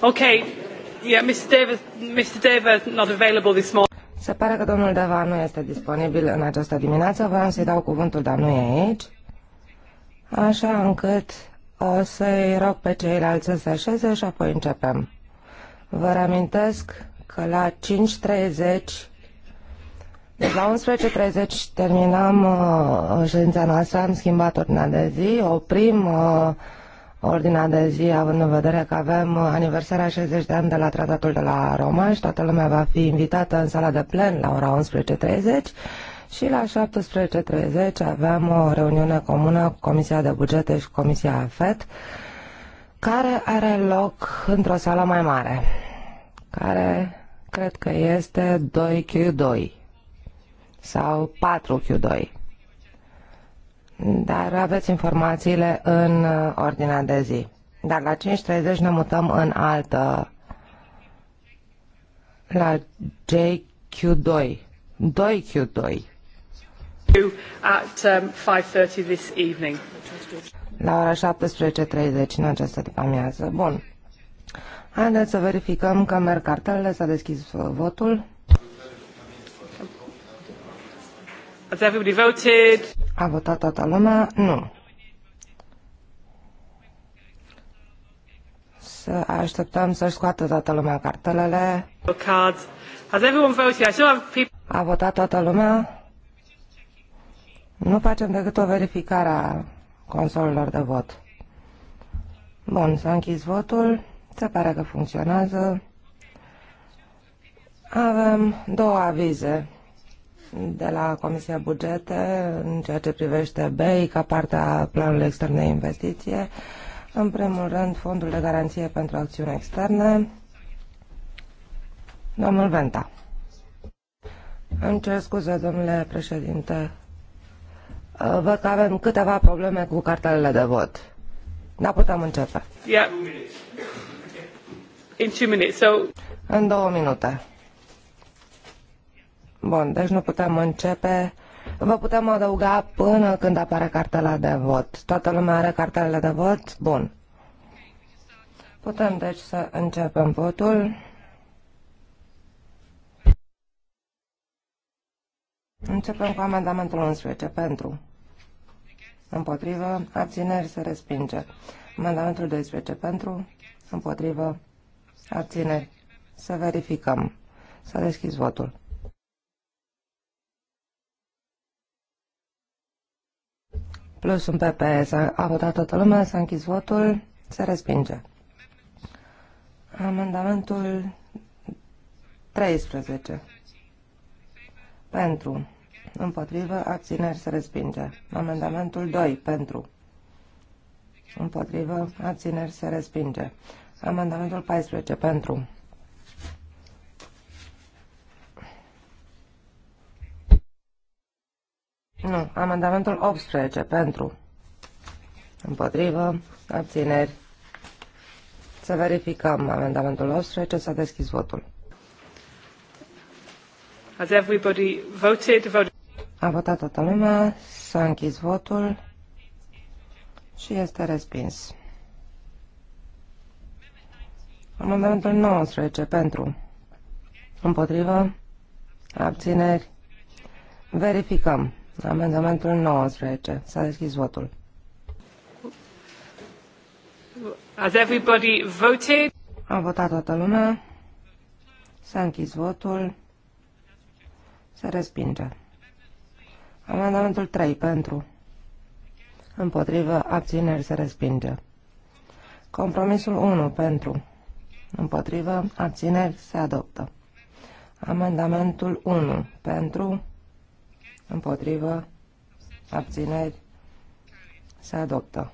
Okay. Yeah, Mr. Davis, Mr. Davis not available this morning. Se pare că domnul Deva nu este disponibil în această dimineață. Vreau să-i dau cuvântul, dar nu e aici. Așa încât o să-i rog pe ceilalți să se așeze și apoi începem. Vă reamintesc că la 5.30 deci la 11.30 terminăm uh, ședința noastră, am schimbat ordinea de zi, oprim uh, ordinea de zi având în vedere că avem uh, aniversarea 60 de ani de la tratatul de la Roma și toată lumea va fi invitată în sala de plen la ora 11.30 și la 17.30 avem o reuniune comună cu Comisia de Bugete și Comisia FET care are loc într-o sală mai mare care cred că este 2Q2 sau 4Q2. Dar aveți informațiile în uh, ordinea de zi. Dar la 5.30 ne mutăm în altă, la JQ2, 2Q2. At, um, this evening. La ora 17.30 în această după-amiază. Bun. Haideți să verificăm că merg cartelele, s-a deschis votul. Has everybody voted? A votat toată lumea? Nu. Să așteptăm să-și scoată toată lumea cartelele. Cards. Has everyone voted? I still have people... A votat toată lumea? Nu facem decât o verificare a consolelor de vot. Bun, s-a închis votul. Se pare că funcționează. Avem două avize de la Comisia Bugete în ceea ce privește BEI ca partea planului extern de investiție. În primul rând, Fondul de Garanție pentru Acțiuni Externe. Domnul Venta. Îmi cer scuze, domnule președinte. Uh, văd că avem câteva probleme cu cartelele de vot. Dar putem începe. Yeah. In two minutes, so... În două minute. Bun, deci nu putem începe. Vă putem adăuga până când apare cartela de vot. Toată lumea are cartelele de vot? Bun. Putem deci să începem votul. Începem cu amendamentul 11. Pentru. Împotrivă. Abțineri se respinge. Amendamentul 12. Pentru. Împotrivă. Abțineri. Să verificăm. S-a deschis votul. plus un PP. A votat toată lumea, s-a închis votul, se respinge. Amendamentul 13. Pentru. Împotrivă, abțineri, se respinge. Amendamentul 2. Pentru. Împotrivă, abțineri, se respinge. Amendamentul 14. Pentru. Nu, amendamentul 18 pentru. Împotrivă, abțineri. Să verificăm amendamentul 18, s-a deschis votul. Has everybody voted? voted? A votat toată lumea, s-a închis votul și este respins. Amendamentul 19 pentru. Împotrivă, abțineri. Verificăm. Amendamentul 19. S-a deschis votul. Has everybody voted? A votat toată lumea. S-a închis votul. Se respinge. Amendamentul 3 pentru. Împotrivă, abțineri se respinge. Compromisul 1 pentru. Împotrivă, abțineri se adoptă. Amendamentul 1 pentru. Împotrivă. Abțineri. Se adoptă.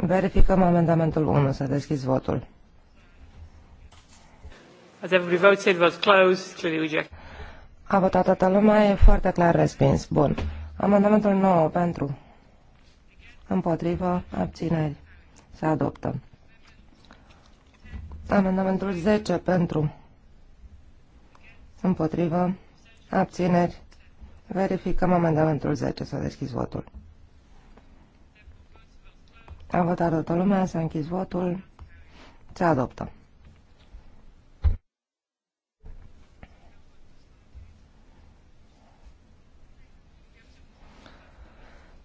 Verificăm amendamentul 1. Să deschizi votul. As everybody voted, was closed, clearly rejected. A votat toată lumea, e foarte clar respins. Bun. Amendamentul 9 pentru. Împotrivă. Abțineri. Se adoptă. Amendamentul 10 pentru. Împotrivă. Abțineri. Verificăm amendamentul 10. S-a deschis votul. A votat toată lumea, s-a închis votul, se adoptă.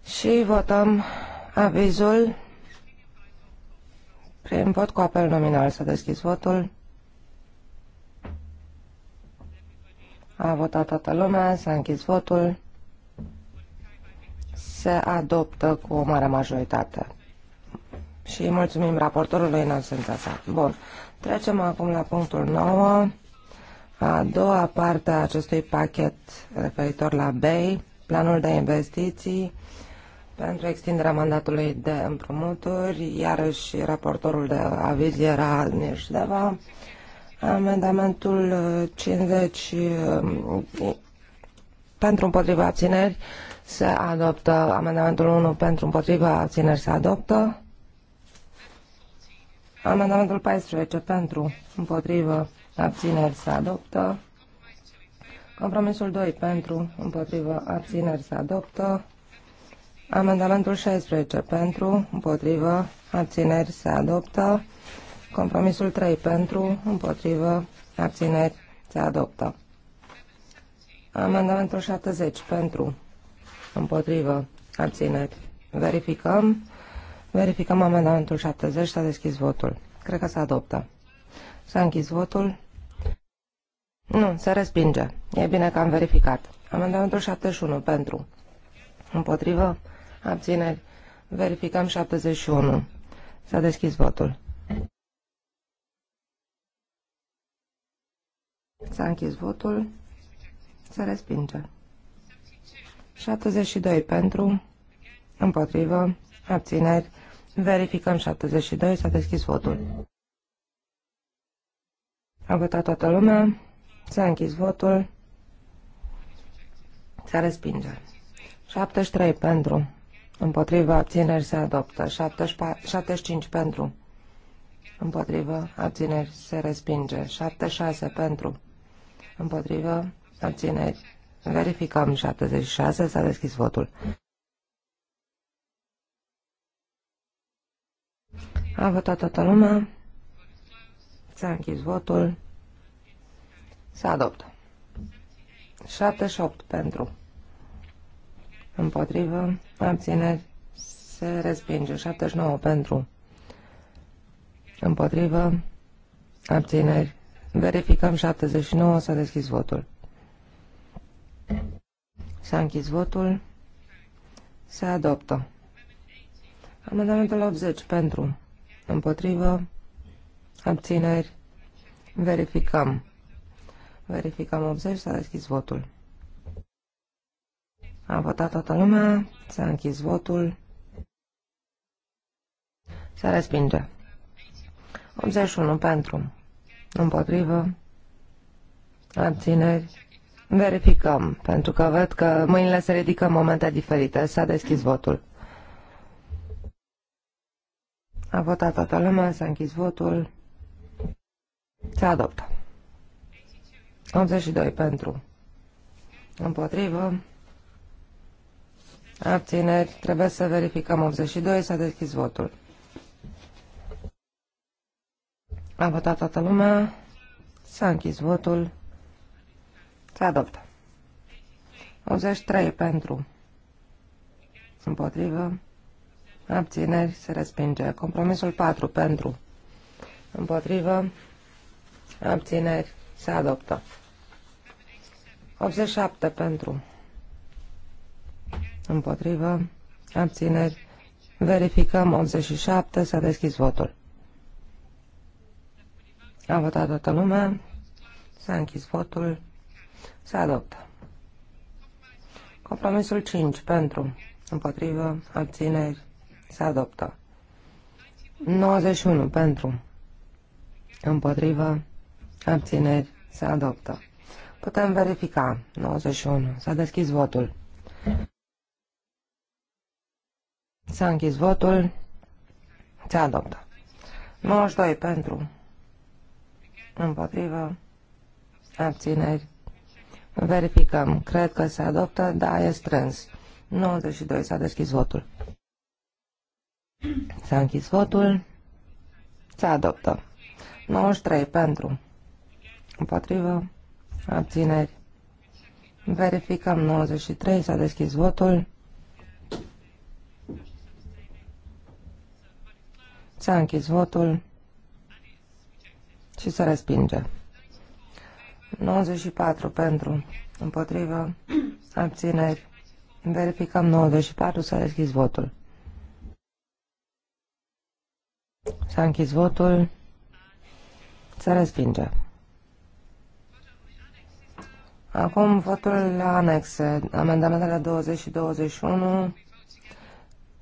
Și votăm avizul prin vot cu apel nominal. S-a deschis votul. A votat toată lumea, s-a închis votul. Se adoptă cu o mare majoritate. Și mulțumim raportorului în absența sa. Bun. Trecem acum la punctul 9. A doua parte a acestui pachet referitor la BEI, planul de investiții pentru extinderea mandatului de împrumuturi. Iarăși raportorul de aviz era Nirșdeva. Amendamentul 50 uh, uh, pentru împotriva abțineri se adoptă. Amendamentul 1 pentru împotriva abțineri se adoptă. Amendamentul 14 pentru împotriva abțineri se adoptă. Compromisul 2 pentru împotriva abțineri se adoptă. Amendamentul 16 pentru împotriva abțineri se adoptă. Compromisul 3 pentru, împotrivă, abțineri, se adoptă. Amendamentul 70 pentru, împotrivă, abțineri. Verificăm. Verificăm amendamentul 70. S-a deschis votul. Cred că se adoptă. S-a închis votul. Nu, se respinge. E bine că am verificat. Amendamentul 71 pentru, împotrivă, abțineri. Verificăm 71. S-a deschis votul. S-a închis votul. Se respinge. 72 pentru, împotrivă, abțineri. Verificăm 72, s-a deschis votul. A votat toată lumea, s-a închis votul, se respinge. 73 pentru, împotrivă, abțineri, se adoptă. 74, 75 pentru, împotrivă, abțineri, se respinge. 76 pentru, împotrivă, abțineri. Verificăm 76, s-a deschis votul. A votat toată lumea, s-a închis votul, se adoptă. 78 pentru, împotrivă, abțineri, se respinge, 79 pentru, împotrivă, abțineri, Verificăm 79, s-a deschis votul. S-a închis votul. Se adoptă. Amendamentul 80 pentru. Împotrivă. Abțineri. Verificăm. Verificăm 80, s-a deschis votul. A votat toată lumea, s-a închis votul. Se respinge. 81 pentru. Împotrivă? Abțineri? Verificăm, pentru că văd că mâinile se ridică în momente diferite. S-a deschis votul. A votat toată lumea, s-a închis votul. Se adoptă. 82 pentru. Împotrivă. Abțineri. Trebuie să verificăm 82. S-a deschis votul. A votat toată lumea. S-a închis votul. Se adoptă. 83 pentru. Împotrivă. Abțineri. Se respinge. Compromisul 4 pentru. Împotrivă. Abțineri. Se adoptă. 87 pentru. Împotrivă. Abțineri. Verificăm 87. S-a deschis votul. A votat toată lumea. S-a închis votul. Se adoptă. Compromisul 5. Pentru. Împotrivă. Abțineri. Se adoptă. 91. Pentru. Împotrivă. Abțineri. Se adoptă. Putem verifica. 91. S-a deschis votul. S-a închis votul. Se adoptă. 92 pentru. Împotrivă. Abțineri. Verificăm. Cred că se adoptă, da, e strâns. 92. S-a deschis votul. S-a închis votul. Se adoptă. 93. Pentru. Împotrivă. Abțineri. Verificăm 93. S-a deschis votul. S-a închis votul și se respinge. 94 pentru, împotrivă, abțineri. Verificăm 94, s-a deschis votul. S-a închis votul. Se respinge. Acum votul la anexe. Amendamentele 20 și 21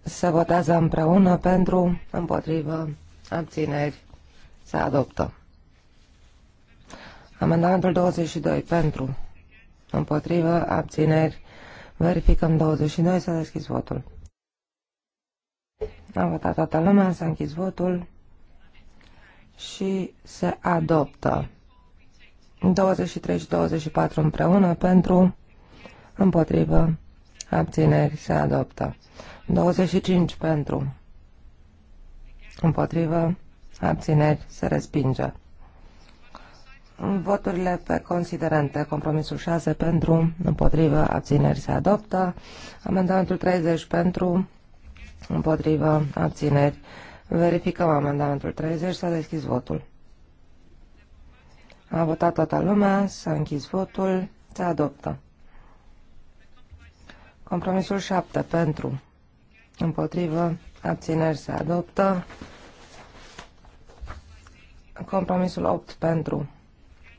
se votează împreună pentru, împotrivă, abțineri. Se adoptă. Amendamentul 22 pentru, împotrivă, abțineri, verificăm 22, s-a deschis votul. A votat toată lumea, s-a închis votul și se adoptă. 23 și 24 împreună pentru, împotrivă, abțineri, se adoptă. 25 pentru, împotrivă, abțineri, se respinge. Voturile pe considerente. Compromisul 6 pentru, împotrivă, abțineri se adoptă. Amendamentul 30 pentru, împotrivă, abțineri. Verificăm amendamentul 30. S-a deschis votul. A votat toată lumea, s-a închis votul, se adoptă. Compromisul 7 pentru, împotrivă, abțineri se adoptă. Compromisul 8 pentru,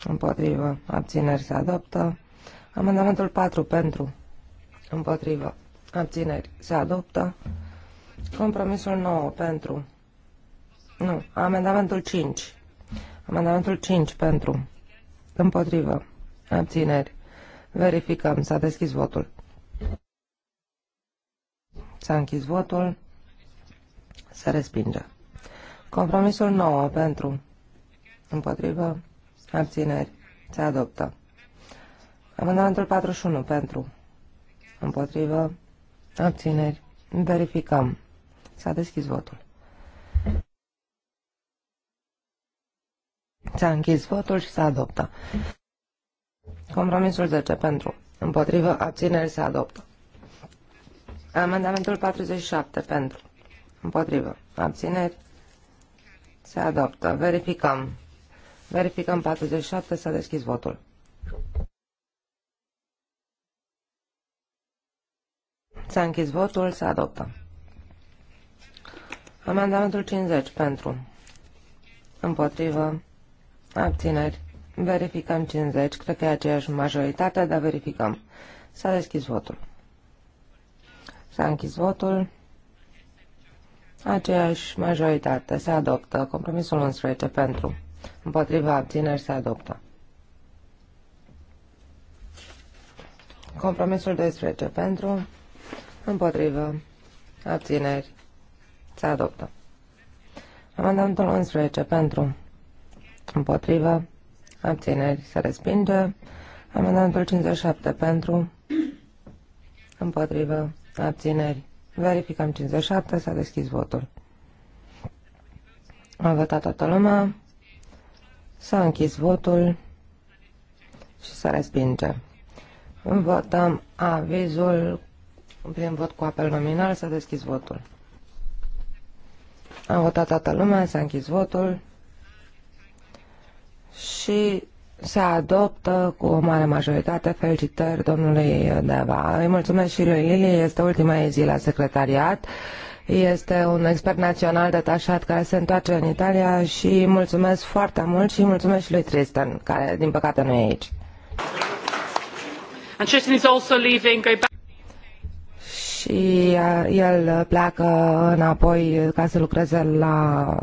împotrivă, abțineri se adoptă. Amendamentul 4 pentru, împotrivă, abțineri se adoptă. Compromisul 9 pentru, nu, amendamentul 5. Amendamentul 5 pentru, împotrivă, abțineri. Verificăm, s-a deschis votul. S-a închis votul. Se respinge. Compromisul 9 pentru, împotrivă, Abțineri. Se adoptă. Amendamentul 41 pentru. Împotrivă. Abțineri. Verificăm. S-a deschis votul. S-a închis votul și se adoptă. Compromisul 10 pentru. Împotrivă. Abțineri. Se adoptă. Amendamentul 47 pentru. Împotrivă. Abțineri. Se adoptă. Verificăm. Verificăm 47, s-a deschis votul. S-a închis votul, se adoptă. Amendamentul 50 pentru. Împotrivă. Abțineri. Verificăm 50. Cred că e aceeași majoritate, dar verificăm. S-a deschis votul. S-a închis votul. Aceeași majoritate. Se adoptă. Compromisul 11 pentru împotriva abțineri se adoptă. Compromisul 12 pentru, împotrivă, abțineri, se adoptă. Amendamentul 11 pentru, împotrivă, abțineri, se respinge. Amendamentul 57 pentru, împotrivă, abțineri. Verificăm 57, s-a deschis votul. A votat toată lumea, S-a închis votul și s-a respinge. Votăm avizul prin vot cu apel nominal. S-a deschis votul. A votat toată lumea, s-a închis votul și se adoptă cu o mare majoritate. Felicitări domnului Deva. Îi mulțumesc și lui Lili, este ultima zi la secretariat este un expert național detașat care se întoarce în Italia și mulțumesc foarte mult și mulțumesc și lui Tristan, care din păcate nu e aici. And Tristan is also leaving, go back și uh, el pleacă înapoi ca să lucreze la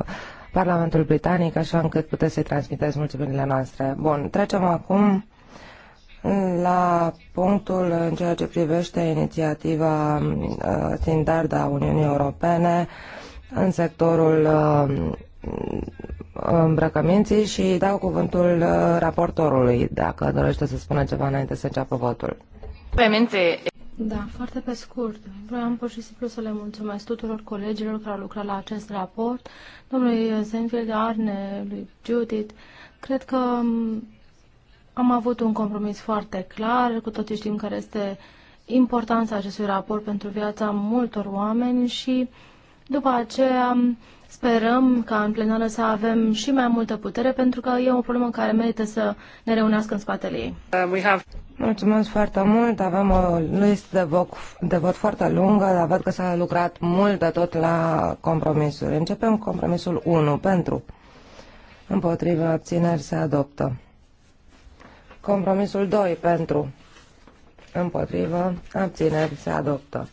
Parlamentul Britanic, așa încât puteți să-i transmiteți mulțumirile noastre. Bun, trecem acum la punctul în ceea ce privește inițiativa uh, standardă a Uniunii Europene în sectorul uh, îmbrăcăminții și dau cuvântul uh, raportorului, dacă dorește să spună ceva înainte să înceapă votul. Premente. Da, foarte pe scurt. Vreau pur și simplu să le mulțumesc tuturor colegilor care au lucrat la acest raport, domnului Zenfield Arne, lui Judith. Cred că am avut un compromis foarte clar, cu toții știm care este importanța acestui raport pentru viața multor oameni și după aceea sperăm ca în plenară să avem și mai multă putere pentru că e o problemă care merită să ne reunească în spatele ei. Um, Mulțumesc foarte mult, avem o listă de, voc, de vot foarte lungă, dar văd că s-a lucrat mult de tot la compromisuri. Începem cu compromisul 1 pentru împotriva abțineri se adoptă. Compromisul 2 pentru, împotrivă, abțineri, se adoptă.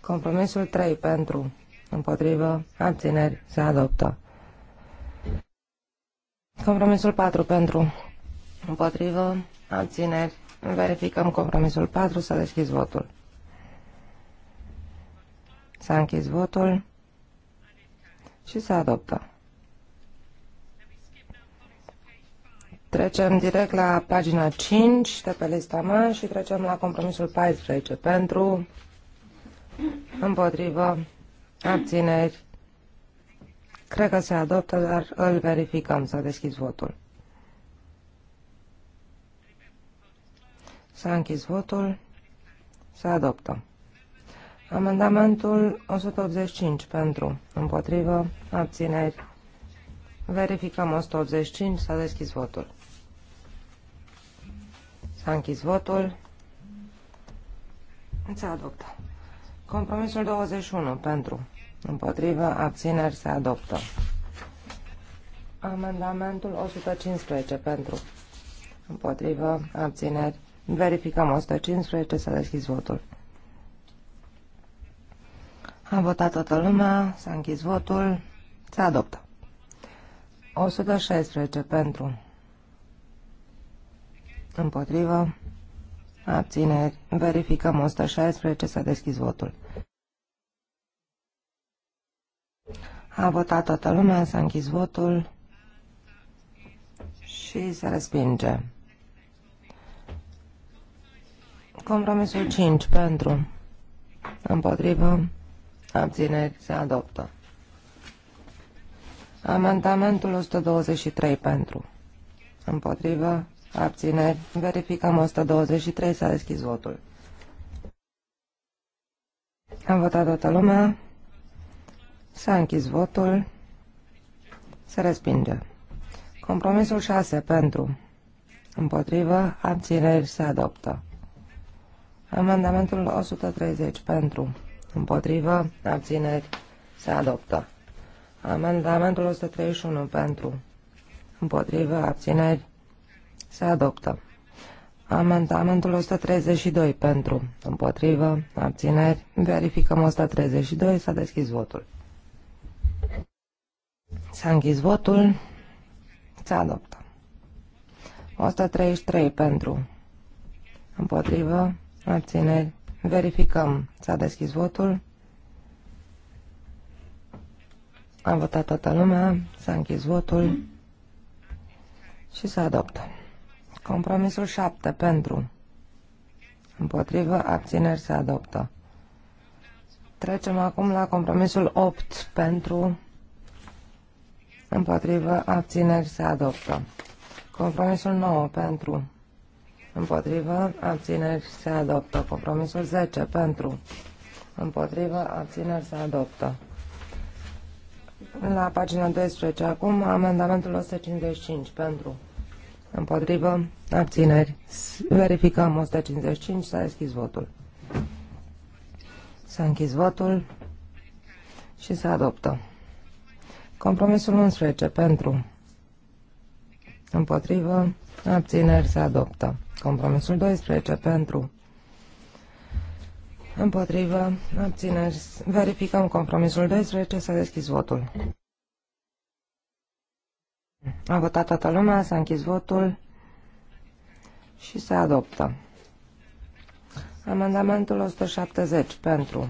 Compromisul 3 pentru, împotrivă, abțineri, se adoptă. Compromisul 4 pentru, împotrivă, abțineri, verificăm compromisul 4, să deschizi votul. S-a închis votul și se adoptă. Trecem direct la pagina 5 de pe lista mea și trecem la compromisul 14 pentru, împotrivă, abțineri. Cred că se adoptă, dar îl verificăm. să a deschis votul. S-a închis votul. Se adoptă. Amendamentul 185 pentru, împotrivă, abțineri. Verificăm 185, s-a deschis votul. S-a închis votul. Se adoptă. Compromisul 21 pentru. Împotrivă, abțineri, se adoptă. Amendamentul 115 pentru. Împotrivă, abțineri. Verificăm 115, s-a deschis votul. A votat toată lumea, s-a închis votul, se adoptă. 116 pentru. Împotrivă. Abțineri. Verificăm 116. S-a deschis votul. A votat toată lumea, s-a închis votul și se respinge. Compromisul 5 pentru. Împotrivă. Abțineri. Se adoptă. Amendamentul 123 pentru. Împotrivă. Abține. Verificăm 123. S-a deschis votul. Am votat toată lumea. S-a închis votul. Se respinge. Compromisul 6. Pentru. Împotrivă. Abțineri. Se adoptă. Amendamentul 130. Pentru. Împotrivă. Abțineri. Se adoptă. Amendamentul 131. Pentru. Împotrivă. Abțineri. Se adoptă. Amendamentul 132 pentru, împotrivă, abțineri. Verificăm 132, s-a deschis votul. S-a închis votul, se adoptă. 133 pentru, împotrivă, abțineri. Verificăm, s-a deschis votul. A votat toată lumea, s-a închis votul și se adoptă. Compromisul 7 pentru. Împotrivă, abțineri se adoptă. Trecem acum la compromisul 8 pentru. Împotrivă, abțineri se adoptă. Compromisul 9 pentru. Împotrivă, abțineri se adoptă. Compromisul 10 pentru. Împotrivă, abțineri se adoptă. La pagina 12 acum, amendamentul 155 pentru. Împotrivă? Abțineri. Verificăm 155. S-a deschis votul. S-a închis votul și se adoptă. Compromisul 11. Pentru. Împotrivă. Abțineri. Se adoptă. Compromisul 12. Pentru. Împotrivă. Abțineri. Verificăm compromisul 12. S-a deschis votul. A votat toată lumea, s-a închis votul și se adoptă. Amendamentul 170 pentru,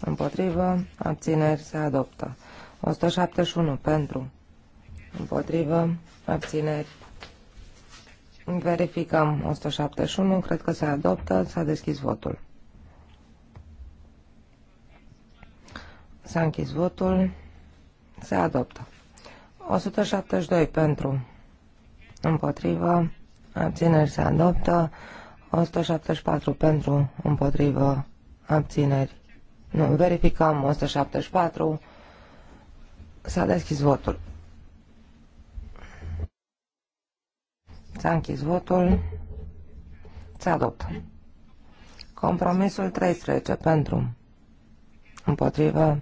împotrivă, abțineri, se adoptă. 171 pentru, împotrivă, abțineri. Verificăm 171, cred că se adoptă, s-a deschis votul. S-a închis votul, se adoptă. 172 pentru, împotrivă, abțineri se adoptă, 174 pentru, împotrivă, abțineri. Nu, verificăm 174, s-a deschis votul. S-a închis votul, se adoptă. Compromisul 13 pentru, împotrivă,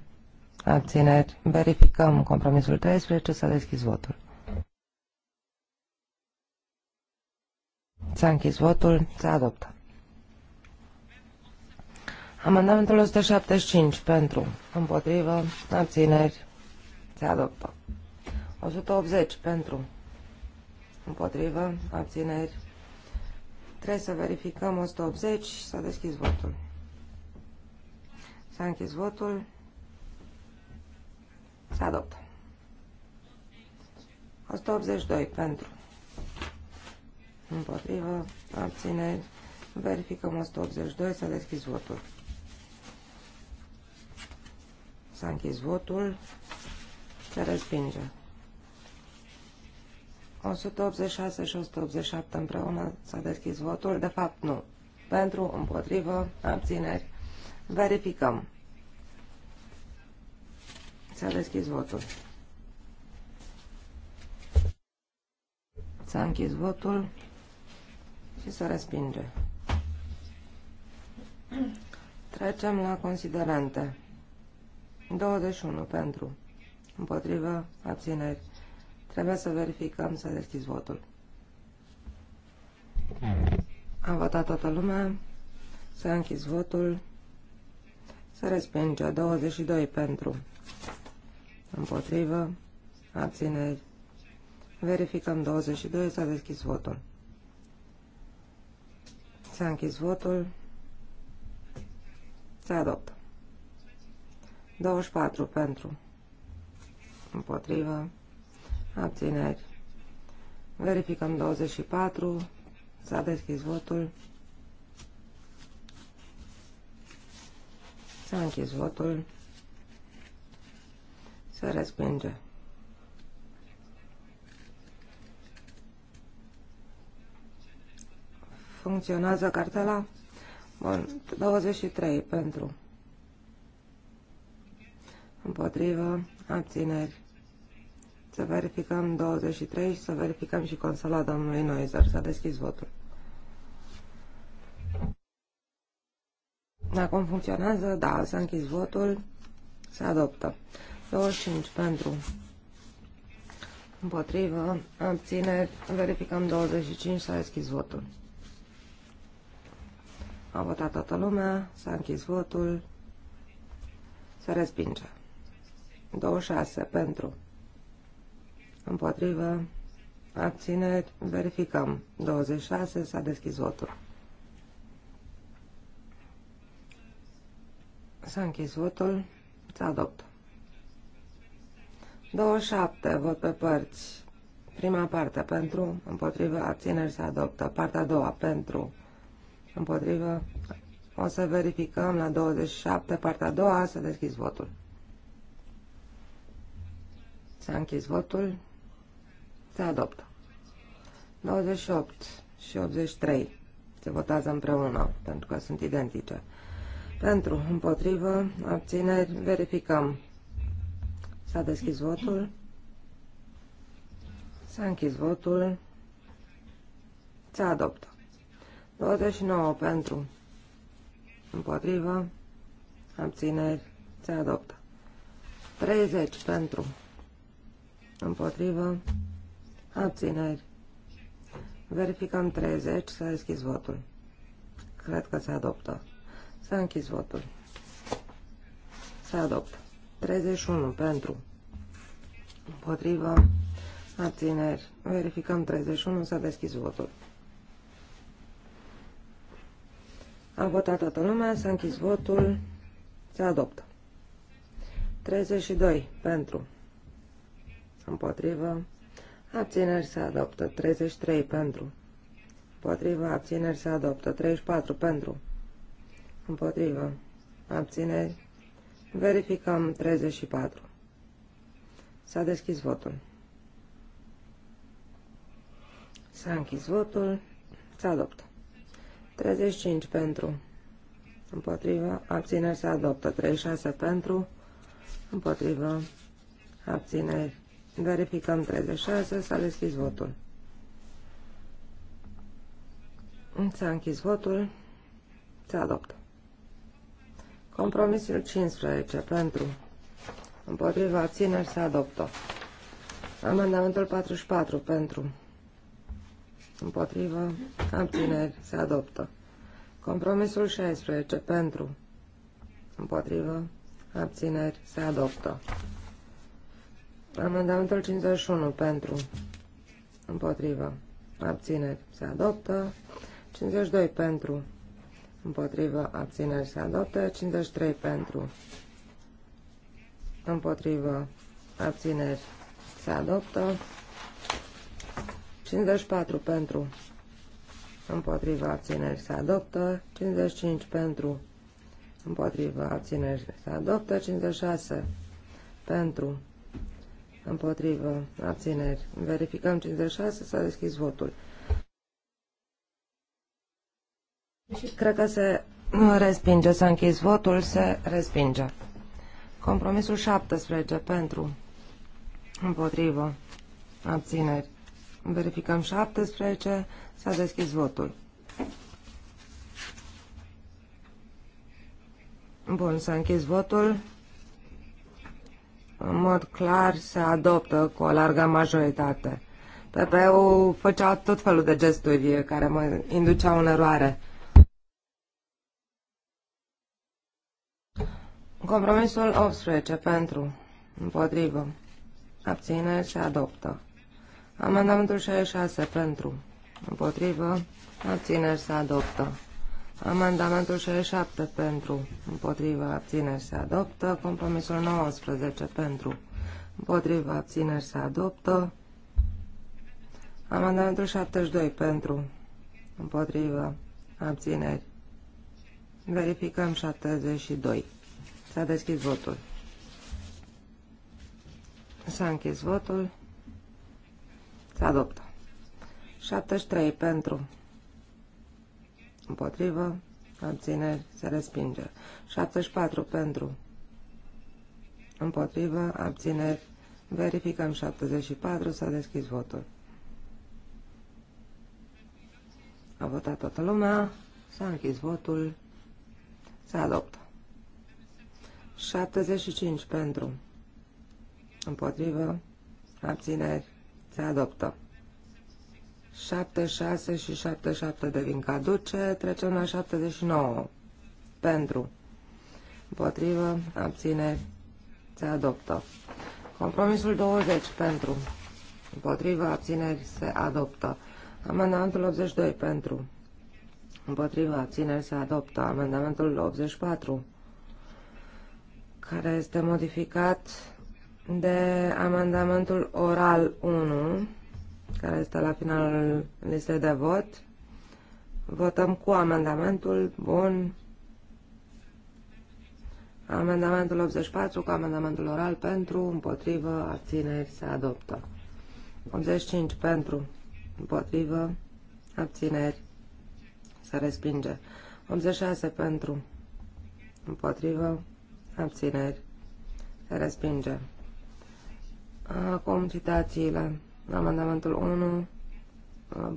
Abțineri. Verificăm compromisul 13. S-a deschis votul. S-a închis votul. S-a adoptat. Amendamentul 175 pentru, împotrivă, abțineri, se adoptă. 180 pentru, împotrivă, abțineri. Trebuie să verificăm 180, s-a deschis votul. S-a închis votul, se adoptă. 182 pentru. Împotrivă. abține, Verificăm 182. S-a deschis votul. S-a închis votul. Se respinge. 186 și 187 împreună s-a deschis votul. De fapt, nu. Pentru, împotrivă, abțineri. Verificăm. S-a deschis votul. S-a închis votul și se respinge. Trecem la considerente. 21 pentru. Împotrivă, abțineri. Trebuie să verificăm, să deschis votul. A votat toată lumea. S-a închis votul. Se respinge. 22 pentru. Împotrivă. Abțineri. Verificăm 22. S-a deschis votul. S-a închis votul. Se adoptă. 24 pentru. Împotrivă. Abțineri. Verificăm 24. S-a deschis votul. S-a închis votul. Se respinge. Funcționează cartela? Bun. 23 pentru. Împotrivă. Abțineri. Să verificăm 23 și să verificăm și consola domnului Noizer. S-a deschis votul. Acum funcționează? Da, s-a închis votul. Se adoptă. 25 pentru. Împotrivă, abține, verificăm 25, s-a deschis votul. A votat toată lumea, s-a închis votul, se respinge. 26 pentru. Împotrivă, abține, verificăm. 26, s-a deschis votul. S-a închis votul, s-a adoptat. 27. Vot pe părți. Prima parte pentru, împotrivă, abțineri se adoptă. Partea a doua pentru, împotrivă. O să verificăm la 27, partea a doua, să deschizi votul. S-a închis votul. Se adoptă. 28 și 83 se votează împreună, pentru că sunt identice. Pentru, împotrivă, abțineri, verificăm. S-a deschis votul. S-a închis votul. Se adoptă. 29 pentru. Împotrivă. Abțineri. Se adoptă. 30 pentru. Împotrivă. Abțineri. Verificăm 30. S-a deschis votul. Cred că se adoptă. S-a închis votul. Se adoptă. 31 pentru. Împotrivă. Abțineri. Verificăm 31. S-a deschis votul. A votat toată lumea. S-a închis votul. Se adoptă. 32 pentru. Împotrivă. Abțineri se adoptă. 33 pentru. Împotrivă. Abțineri se adoptă. 34 pentru. Împotrivă. Abțineri Verificăm 34. S-a deschis votul. S-a închis votul. Se adoptă. 35 pentru. Împotrivă. Abțineri se adoptă. 36 pentru. Împotrivă. Abțineri. Verificăm 36. S-a deschis votul. S-a închis votul. Se adoptă. Compromisul 15 pentru. Împotriva țineri se adoptă. Amendamentul 44 pentru. Împotriva abțineri se adoptă. Compromisul 16 pentru. Împotriva abțineri se adoptă. Amendamentul 51 pentru. Împotriva abțineri se adoptă. 52 pentru. Împotriva abțineri se adoptă, 53 pentru, Împotriva abțineri se adoptă, 54 pentru, Împotriva abțineri se adoptă, 55 pentru, Împotriva abțineri se adoptă, 56 pentru, Împotriva abțineri. Verificăm 56, s-a deschis votul. Cred că se uh, respinge. S-a închis votul, se respinge. Compromisul 17 pentru. Împotrivă. Abțineri. Verificăm 17. S-a deschis votul. Bun, s-a închis votul. În mod clar se adoptă cu o largă majoritate. PP-ul făcea tot felul de gesturi care mă induceau în eroare. Compromisul 18 pentru, împotrivă, abține și adoptă. Amendamentul 66 pentru, împotrivă, abține și se adoptă. Amendamentul 67 pentru, împotrivă, abține și se adoptă. Compromisul 19 pentru, împotrivă, abține și se adoptă. Amendamentul 72 pentru, împotrivă, abțineri. Verificăm 72. S-a deschis votul. S-a închis votul. Se adoptă. 73 pentru. Împotrivă. Abțineri. Se respinge. 74 pentru. Împotrivă. Abțineri. Verificăm 74. S-a deschis votul. A votat toată lumea. S-a închis votul. Se adoptă. 75 pentru. Împotrivă. Abțineri. Se adoptă. 76 și 77 devin caduce. Trecem la 79. Pentru. Împotrivă. Abțineri. Se adoptă. Compromisul 20. Pentru. Împotrivă. Abțineri. Se adoptă. Amendamentul 82. Pentru. Împotrivă. Abțineri. Se adoptă. Amendamentul 84 care este modificat de amendamentul oral 1, care este la finalul listei de vot. Votăm cu amendamentul. Bun. Amendamentul 84 cu amendamentul oral pentru, împotrivă, abțineri, se adoptă. 85 pentru, împotrivă, abțineri, se respinge. 86 pentru, împotrivă, abțineri, se respinge. Acum citațiile. Amendamentul 1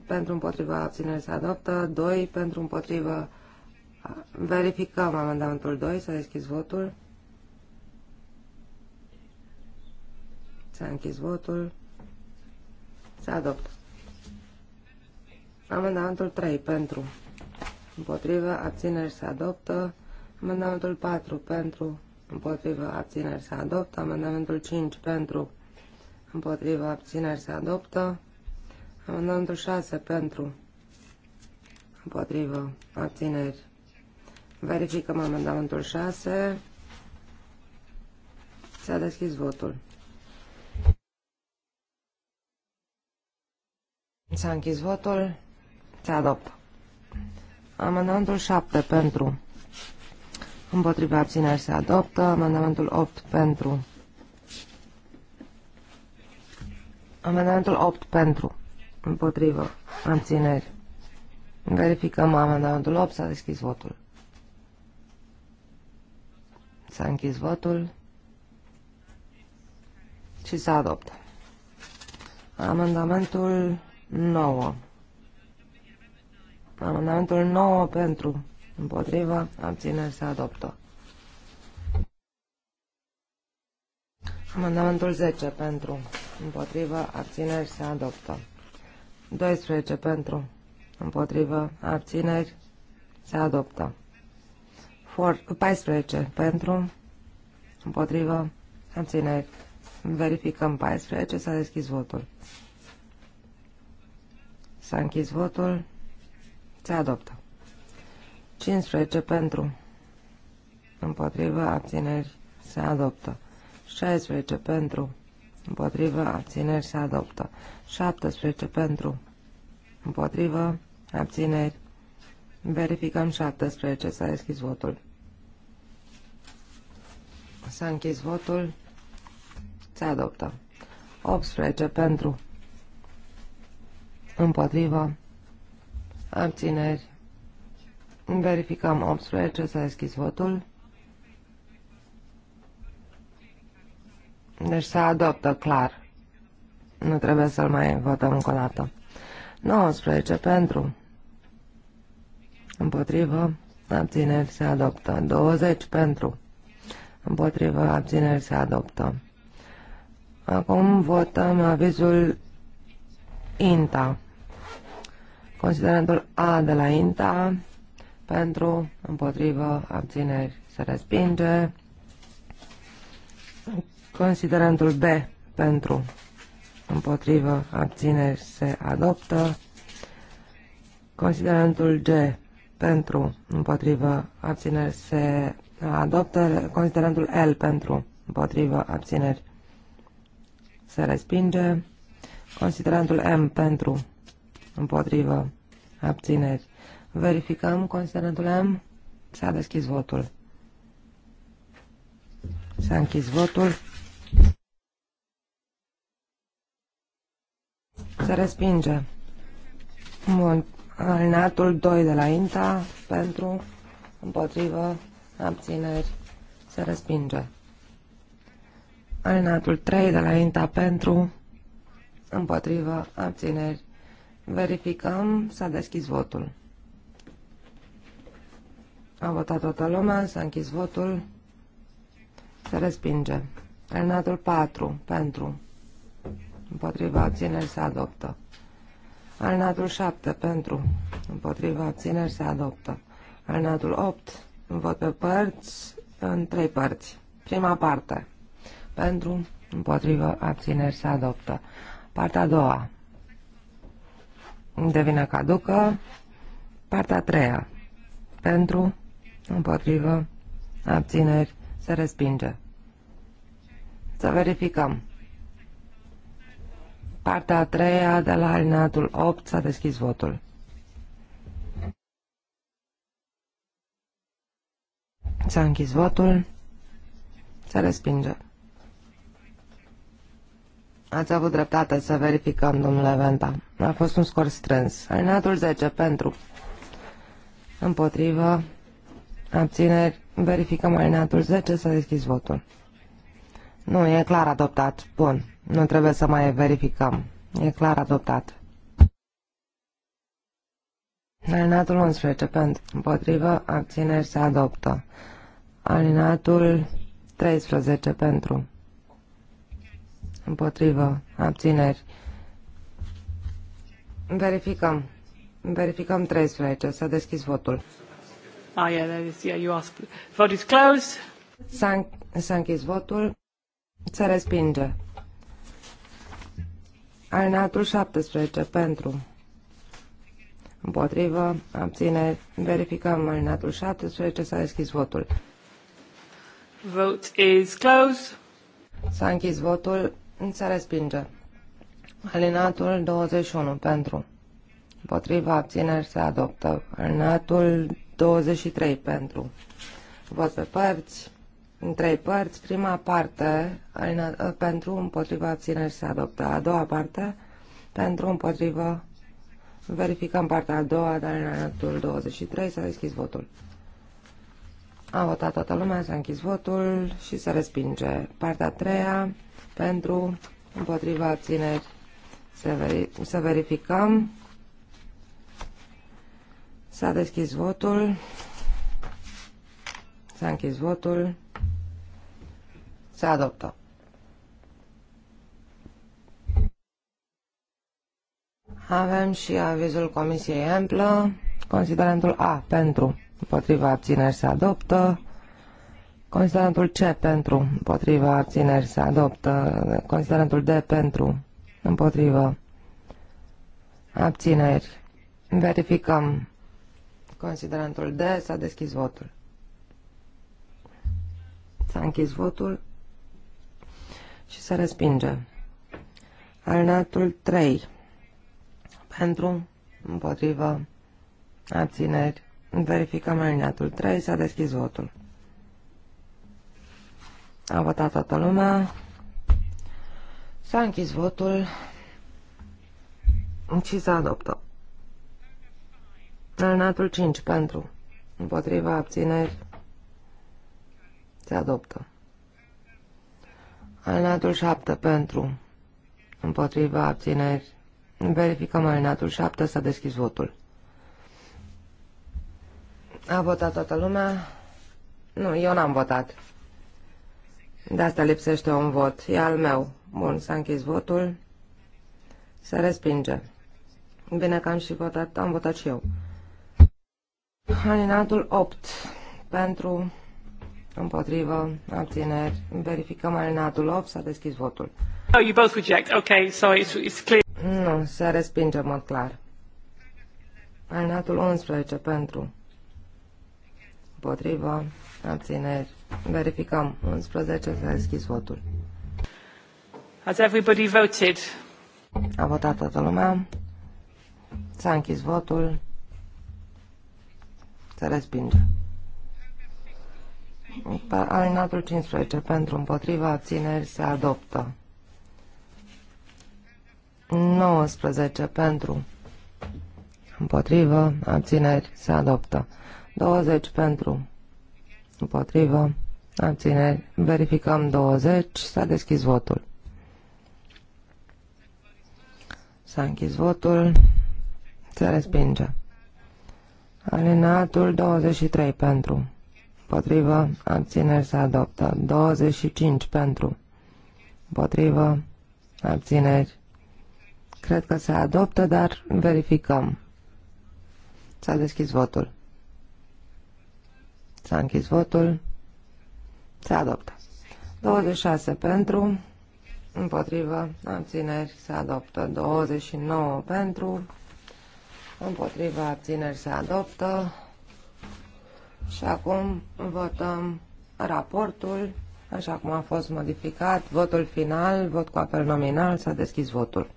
pentru împotriva abțineri se adoptă, 2 pentru împotriva verificăm amendamentul 2, s-a deschis votul. S-a închis votul. Se adoptă. Amendamentul 3 pentru. împotriva Abțineri se adoptă. Amendamentul 4 pentru. Împotriva abțineri se adoptă. Amendamentul 5 pentru, Împotriva abțineri se adoptă. Amendamentul 6 pentru, Împotriva abțineri. Verificăm amendamentul 6. S-a deschis votul. S-a închis votul. Se adoptă. Amendamentul 7 pentru împotriva abțineri se adoptă, amendamentul 8 pentru, amendamentul 8 pentru, împotrivă, abțineri. Verificăm amendamentul 8, s-a deschis votul. S-a închis votul și se adoptă. Amendamentul 9. Amendamentul 9 pentru Împotrivă. Abțineri se adoptă. Amendamentul 10 pentru. Împotrivă. Abțineri se adoptă. 12 pentru. Împotrivă. Abțineri se adoptă. For, 14 pentru. Împotrivă. Abțineri. Verificăm 14. S-a deschis votul. S-a închis votul. Se adoptă. 15 pentru. Împotriva abțineri se adoptă. 16 pentru. Împotriva abțineri se adoptă. 17 pentru. Împotriva abțineri. Verificăm 17. S-a deschis votul. S-a închis votul. Se adoptă. 18 pentru. Împotriva Abțineri. Verificăm 18, s-a deschis votul. Deci se adoptă clar. Nu trebuie să-l mai votăm încă o dată. 19 pentru. Împotrivă. Abțineri se adoptă. 20 pentru. Împotrivă. Abțineri se adoptă. Acum votăm avizul INTA. Considerentul A de la INTA pentru, împotrivă, abțineri, se respinge. Considerentul B pentru, împotrivă, abțineri, se adoptă. Considerentul G pentru, împotrivă, abțineri, se adoptă. Considerentul L pentru, împotrivă, abțineri, se respinge. Considerentul M pentru, împotrivă, abțineri, Verificăm considerentul S-a deschis votul. S-a închis votul. Se respinge. Bun. Alinatul 2 de la INTA pentru, împotrivă, abțineri, se respinge. Alinatul 3 de la INTA pentru, împotrivă, abțineri. Verificăm, s-a deschis votul. A votat toată lumea, s-a închis votul, se respinge. Alinatul 4, pentru, împotriva abțineri se adoptă. Alinatul 7, pentru, împotriva abțineri se adoptă. Alinatul 8, în vot pe părți, în trei părți. Prima parte, pentru, împotriva abțineri se adoptă. Partea a doua, devine caducă. Partea a treia, pentru, Împotrivă. Abțineri. Se respinge. Să verificăm. Partea a treia de la alineatul 8 s-a deschis votul. S-a închis votul. Se respinge. Ați avut dreptate să verificăm, domnule Venta. A fost un scor strâns. Alineatul 10 pentru. Împotrivă. Abțineri. Verificăm alineatul 10. S-a deschis votul. Nu, e clar adoptat. Bun. Nu trebuie să mai verificăm. E clar adoptat. Alinatul 11 pentru împotrivă, abțineri se adoptă. Alinatul 13 pentru împotrivă, abțineri. Verificăm. Verificăm 13. S-a deschis votul. Ah, yeah, there is, yeah, you asked. Vote is closed. S-a închis votul. Se respinge. Alinatul 17 pentru. Împotrivă, abține, verificăm alinatul 17, s-a deschis votul. Vote is closed. S-a închis votul, se respinge. Alinatul 21 pentru. Împotriva abțineri se adoptă. Alinatul 23 pentru. Vot pe părți. În trei părți. Prima parte uh, pentru împotriva abțineri se adoptă. A doua parte pentru împotriva. Verificăm partea a doua, dar în anatul 23 s-a deschis votul. A votat toată lumea, s-a închis votul și se respinge. Partea a treia pentru împotriva abțineri. se, veri să verificăm S-a deschis votul. S-a închis votul. S-a adoptat. Avem și avizul Comisiei Amplă, considerentul A pentru, împotriva abțineri se adoptă, considerentul C pentru, împotriva abțineri se adoptă, considerentul D pentru, împotriva abțineri. Verificăm Considerantul D s-a deschis votul. S-a închis votul și se respinge. Alinatul 3. Pentru, împotrivă, abțineri. Verificăm alinatul 3. S-a deschis votul. A votat toată lumea. S-a închis votul și s-a adoptat. Alinatul 5 pentru. Împotriva abțineri se adoptă. Alinatul 7 pentru. Împotriva abțineri. Verificăm alinatul 7. S-a deschis votul. A votat toată lumea? Nu, eu n-am votat. De asta lipsește un vot. E al meu. Bun, s-a închis votul. Se respinge. Bine că am și votat, am votat și eu. Alinatul 8 pentru împotrivă abțineri. Verificăm alinatul 8, s-a deschis votul. Oh, you both reject. Okay, so it's, it's clear. Nu, se respinge în mod clar. Alinatul 11 pentru împotrivă abțineri. Verificăm 11, s-a deschis votul. Has everybody voted? A votat toată lumea. S-a închis votul. Se respinge. Alinatul 15. Pentru împotriva abțineri se adoptă. 19. Pentru împotrivă abțineri se adoptă. 20. Pentru împotrivă abțineri. Verificăm 20. S-a deschis votul. S-a închis votul. Se respinge. Alinatul 23 pentru. Potrivă, abțineri se adoptă. 25 pentru. Potrivă, abțineri. Cred că se adoptă, dar verificăm. S-a deschis votul. S-a închis votul. Se adoptă. 26 pentru. Împotrivă, abțineri se adoptă. 29 pentru. Împotriva abțineri se adoptă. Și acum votăm raportul, așa cum a fost modificat, votul final, vot cu apel nominal, s-a deschis votul.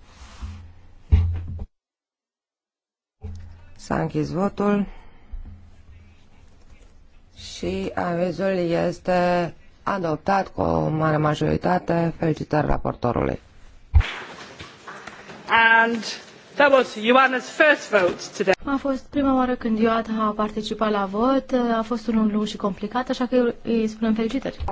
S-a închis votul și avizul este adoptat cu o mare majoritate. Felicitări raportorului. And That was Ioana's first vote today. A fost prima oară când Ioana a participat la vot. A fost unul lung și complicat, așa că îi spunem felicitări. Ah.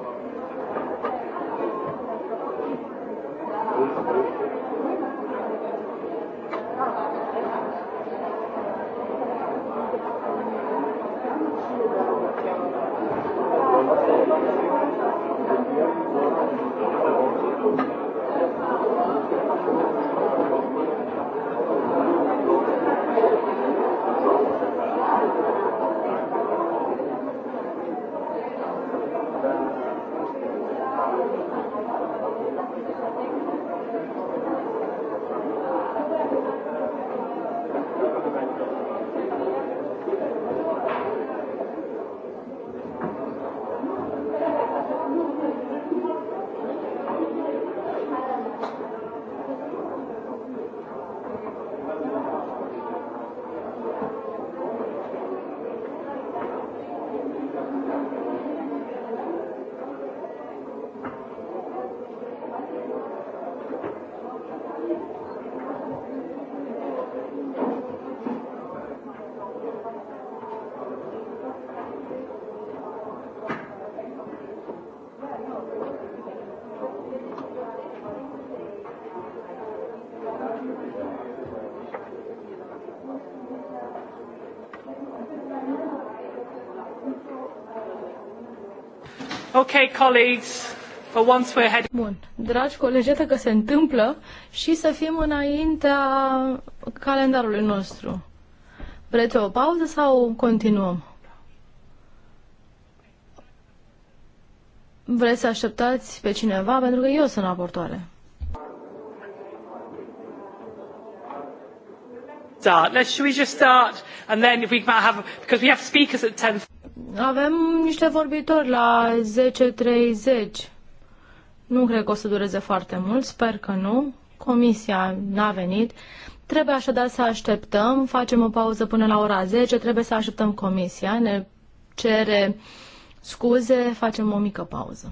Okay, colleagues, for once we're heading... Bun, dragi colegi, că se întâmplă și să fim înaintea calendarului nostru. Vreți o pauză sau continuăm? Vreți să așteptați pe cineva? Pentru că eu sunt raportoare. Start. Let's, should we just start and then if we might have, because we have speakers at 10. Avem niște vorbitori la 10.30. Nu cred că o să dureze foarte mult, sper că nu. Comisia n-a venit. Trebuie așadar să așteptăm, facem o pauză până la ora 10, trebuie să așteptăm comisia, ne cere scuze, facem o mică pauză.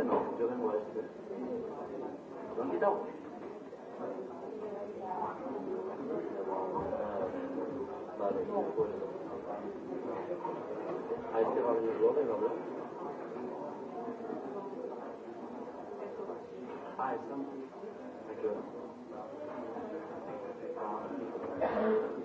este nou, cele mai este. Don't get out. Hai să vă vedeți loc, nu vreau. Hai să... Thank you.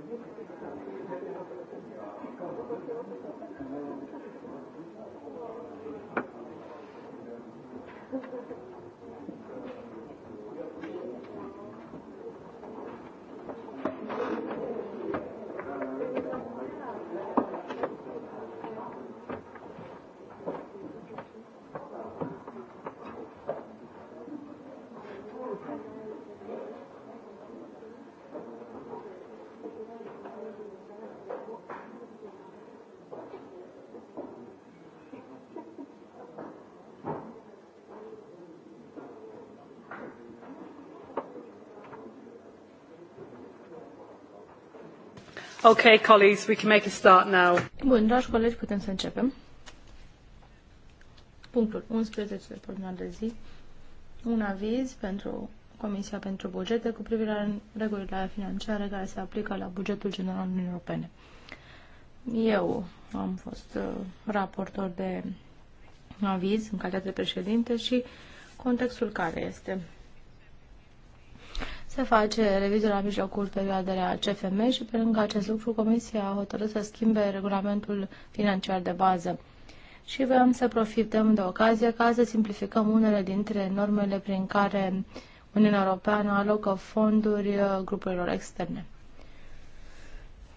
vedeți? Ok, colleagues, we can make a start now. Bun, dragi colegi, putem să începem. Punctul 11 de ordinea de zi. Un aviz pentru Comisia pentru Bugete cu privire la regulile financiare care se aplică la bugetul general al Uniunii Europene. Eu am fost uh, raportor de aviz în calitate de președinte și contextul care este se face revizuirea la mijlocul perioadei a CFM și pe lângă acest lucru Comisia a hotărât să schimbe regulamentul financiar de bază. Și vrem să profităm de ocazie ca să simplificăm unele dintre normele prin care Uniunea Europeană alocă fonduri uh, grupurilor externe.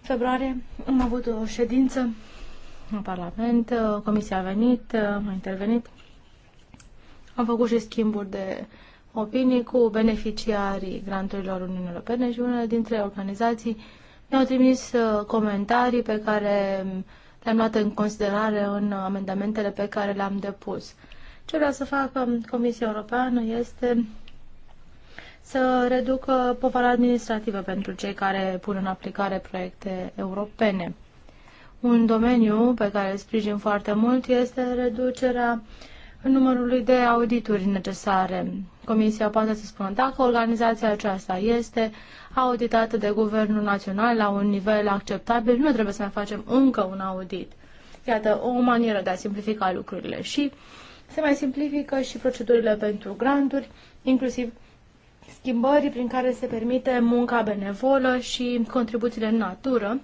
În februarie am avut o ședință în Parlament, uh, Comisia a venit, uh, a intervenit, am făcut și schimburi de uh, opinii cu beneficiarii granturilor Uniunii Europene și unele dintre organizații ne-au trimis uh, comentarii pe care le-am luat în considerare în amendamentele pe care le-am depus. Ce vrea să facă um, Comisia Europeană este să reducă povara administrativă pentru cei care pun în aplicare proiecte europene. Un domeniu pe care îl sprijin foarte mult este reducerea uh, numărului de audituri necesare. Comisia poate să spună dacă organizația aceasta este auditată de Guvernul Național la un nivel acceptabil, nu trebuie să mai facem încă un audit. Iată, o manieră de a simplifica lucrurile și se mai simplifică și procedurile pentru granturi, inclusiv schimbări prin care se permite munca benevolă și contribuțiile în natură.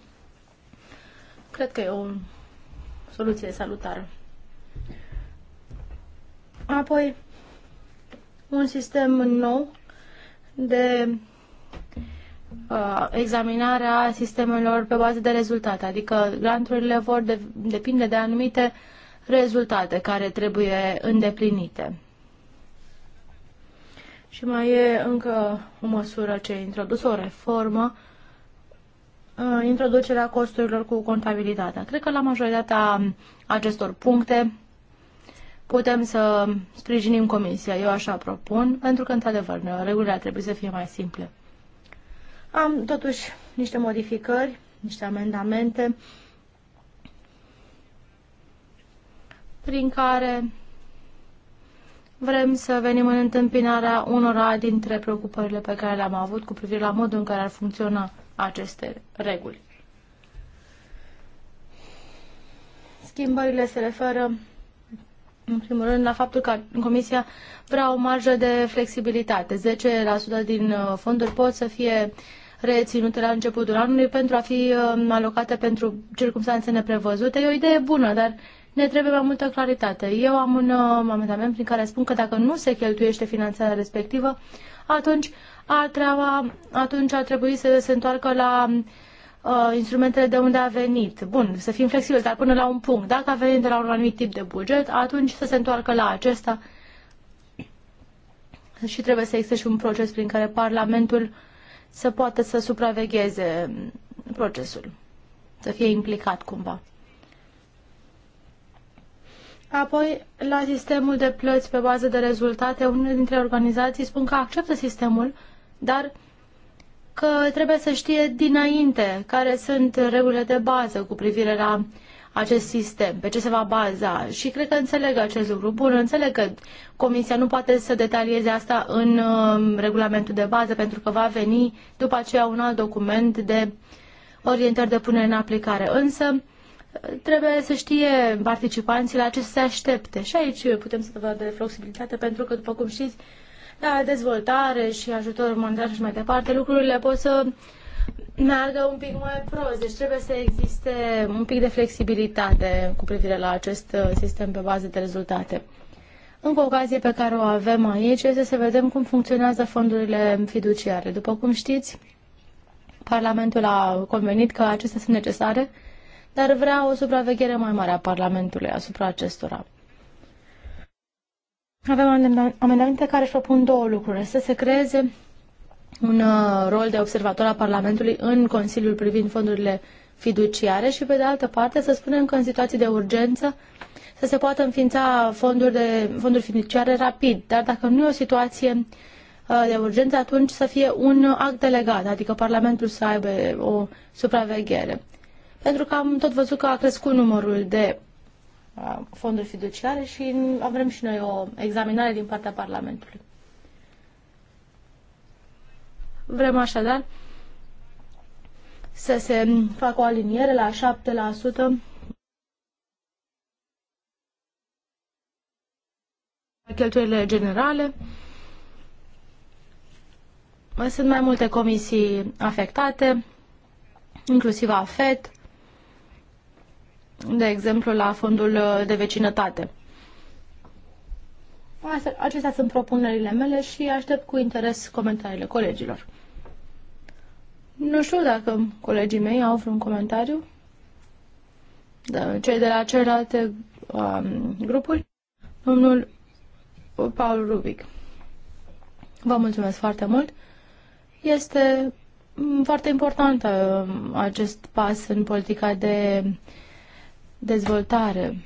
Cred că e o soluție salutară. Apoi, un sistem nou de uh, examinarea sistemelor pe bază de rezultate, adică granturile vor de, depinde de anumite rezultate care trebuie îndeplinite. Și mai e încă o măsură ce introdus, o reformă, uh, introducerea costurilor cu contabilitatea. Cred că la majoritatea acestor puncte putem să sprijinim comisia. Eu așa propun, pentru că, într-adevăr, regulile ar trebui să fie mai simple. Am, totuși, niște modificări, niște amendamente prin care vrem să venim în întâmpinarea unora dintre preocupările pe care le-am avut cu privire la modul în care ar funcționa aceste reguli. Schimbările se referă în primul rând, la faptul că Comisia vrea o marjă de flexibilitate. 10% din uh, fonduri pot să fie reținute la începutul anului pentru a fi uh, alocate pentru circunstanțe neprevăzute. E o idee bună, dar ne trebuie mai multă claritate. Eu am un uh, amendament prin care spun că dacă nu se cheltuiește finanțarea respectivă, atunci ar, treaba, atunci ar trebui să se întoarcă la uh, instrumentele de unde a venit. Bun, să fim flexibili, dar până la un punct. Dacă a venit de la un anumit tip de buget, atunci să se întoarcă la acesta și trebuie să existe și un proces prin care Parlamentul să poată să supravegheze procesul, să fie implicat cumva. Apoi, la sistemul de plăți pe bază de rezultate, unele dintre organizații spun că acceptă sistemul, dar că trebuie să știe dinainte care sunt regulile de bază cu privire la acest sistem, pe ce se va baza și cred că înțeleg acest lucru. Bun, înțeleg că Comisia nu poate să detalieze asta în uh, regulamentul de bază pentru că va veni după aceea un alt document de orientări de punere în aplicare. Însă trebuie să știe participanții la ce se aștepte și aici putem să vă de flexibilitate pentru că, după cum știți, da dezvoltare și ajutor umanitar și mai departe, lucrurile pot să meargă un pic mai prost. Deci trebuie să existe un pic de flexibilitate cu privire la acest uh, sistem pe bază de rezultate. Încă o ocazie pe care o avem aici este să vedem cum funcționează fondurile fiduciare. După cum știți, Parlamentul a convenit că acestea sunt necesare, dar vrea o supraveghere mai mare a Parlamentului asupra acestora. Avem amendamente care își propun două lucruri. Să se creeze un uh, rol de observator al Parlamentului în Consiliul privind fondurile fiduciare și, pe de altă parte, să spunem că în situații de urgență să se poată înființa fonduri, de, fonduri fiduciare rapid, dar dacă nu e o situație uh, de urgență, atunci să fie un act delegat, adică Parlamentul să aibă o supraveghere. Pentru că am tot văzut că a crescut numărul de Uh, fonduri fiduciare și avem și noi o examinare din partea Parlamentului. Vrem așadar să se facă o aliniere la 7% cheltuielile generale. Sunt mai multe comisii afectate, inclusiv AFET, de exemplu, la fondul uh, de vecinătate. Acestea sunt propunerile mele și aștept cu interes comentariile colegilor. Nu știu dacă colegii mei au vreun comentariu. Da, cei de la celelalte um, grupuri. Domnul Paul Rubic. Vă mulțumesc foarte mult. Este foarte important um, acest pas în politica de uh, dezvoltare.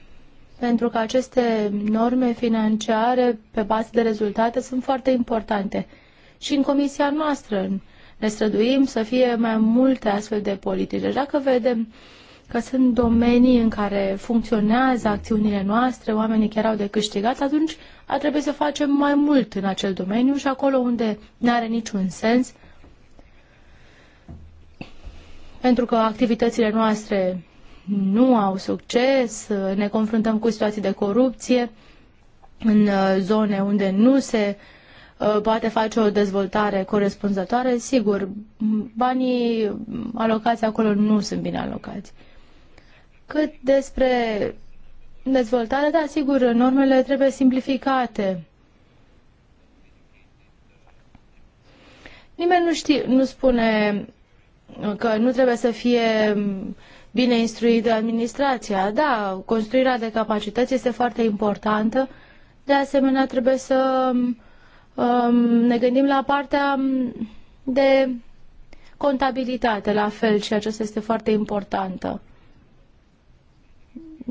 Pentru că aceste norme financiare pe bază de rezultate sunt foarte importante. Și în comisia noastră ne străduim să fie mai multe astfel de politici. Deci dacă vedem că sunt domenii în care funcționează acțiunile noastre, oamenii chiar au de câștigat, atunci ar trebui să facem mai mult în acel domeniu și acolo unde nu are niciun sens, pentru că activitățile noastre nu au succes, ne confruntăm cu situații de corupție în uh, zone unde nu se uh, poate face o dezvoltare corespunzătoare, sigur, banii alocați acolo nu sunt bine alocați. Cât despre dezvoltare, da, sigur, normele trebuie simplificate. Nimeni nu știe, nu spune că nu trebuie să fie uh, bine instruită administrația. Da, construirea de capacități este foarte importantă. De asemenea, trebuie să um, ne gândim la partea um, de contabilitate, la fel, și aceasta este foarte importantă.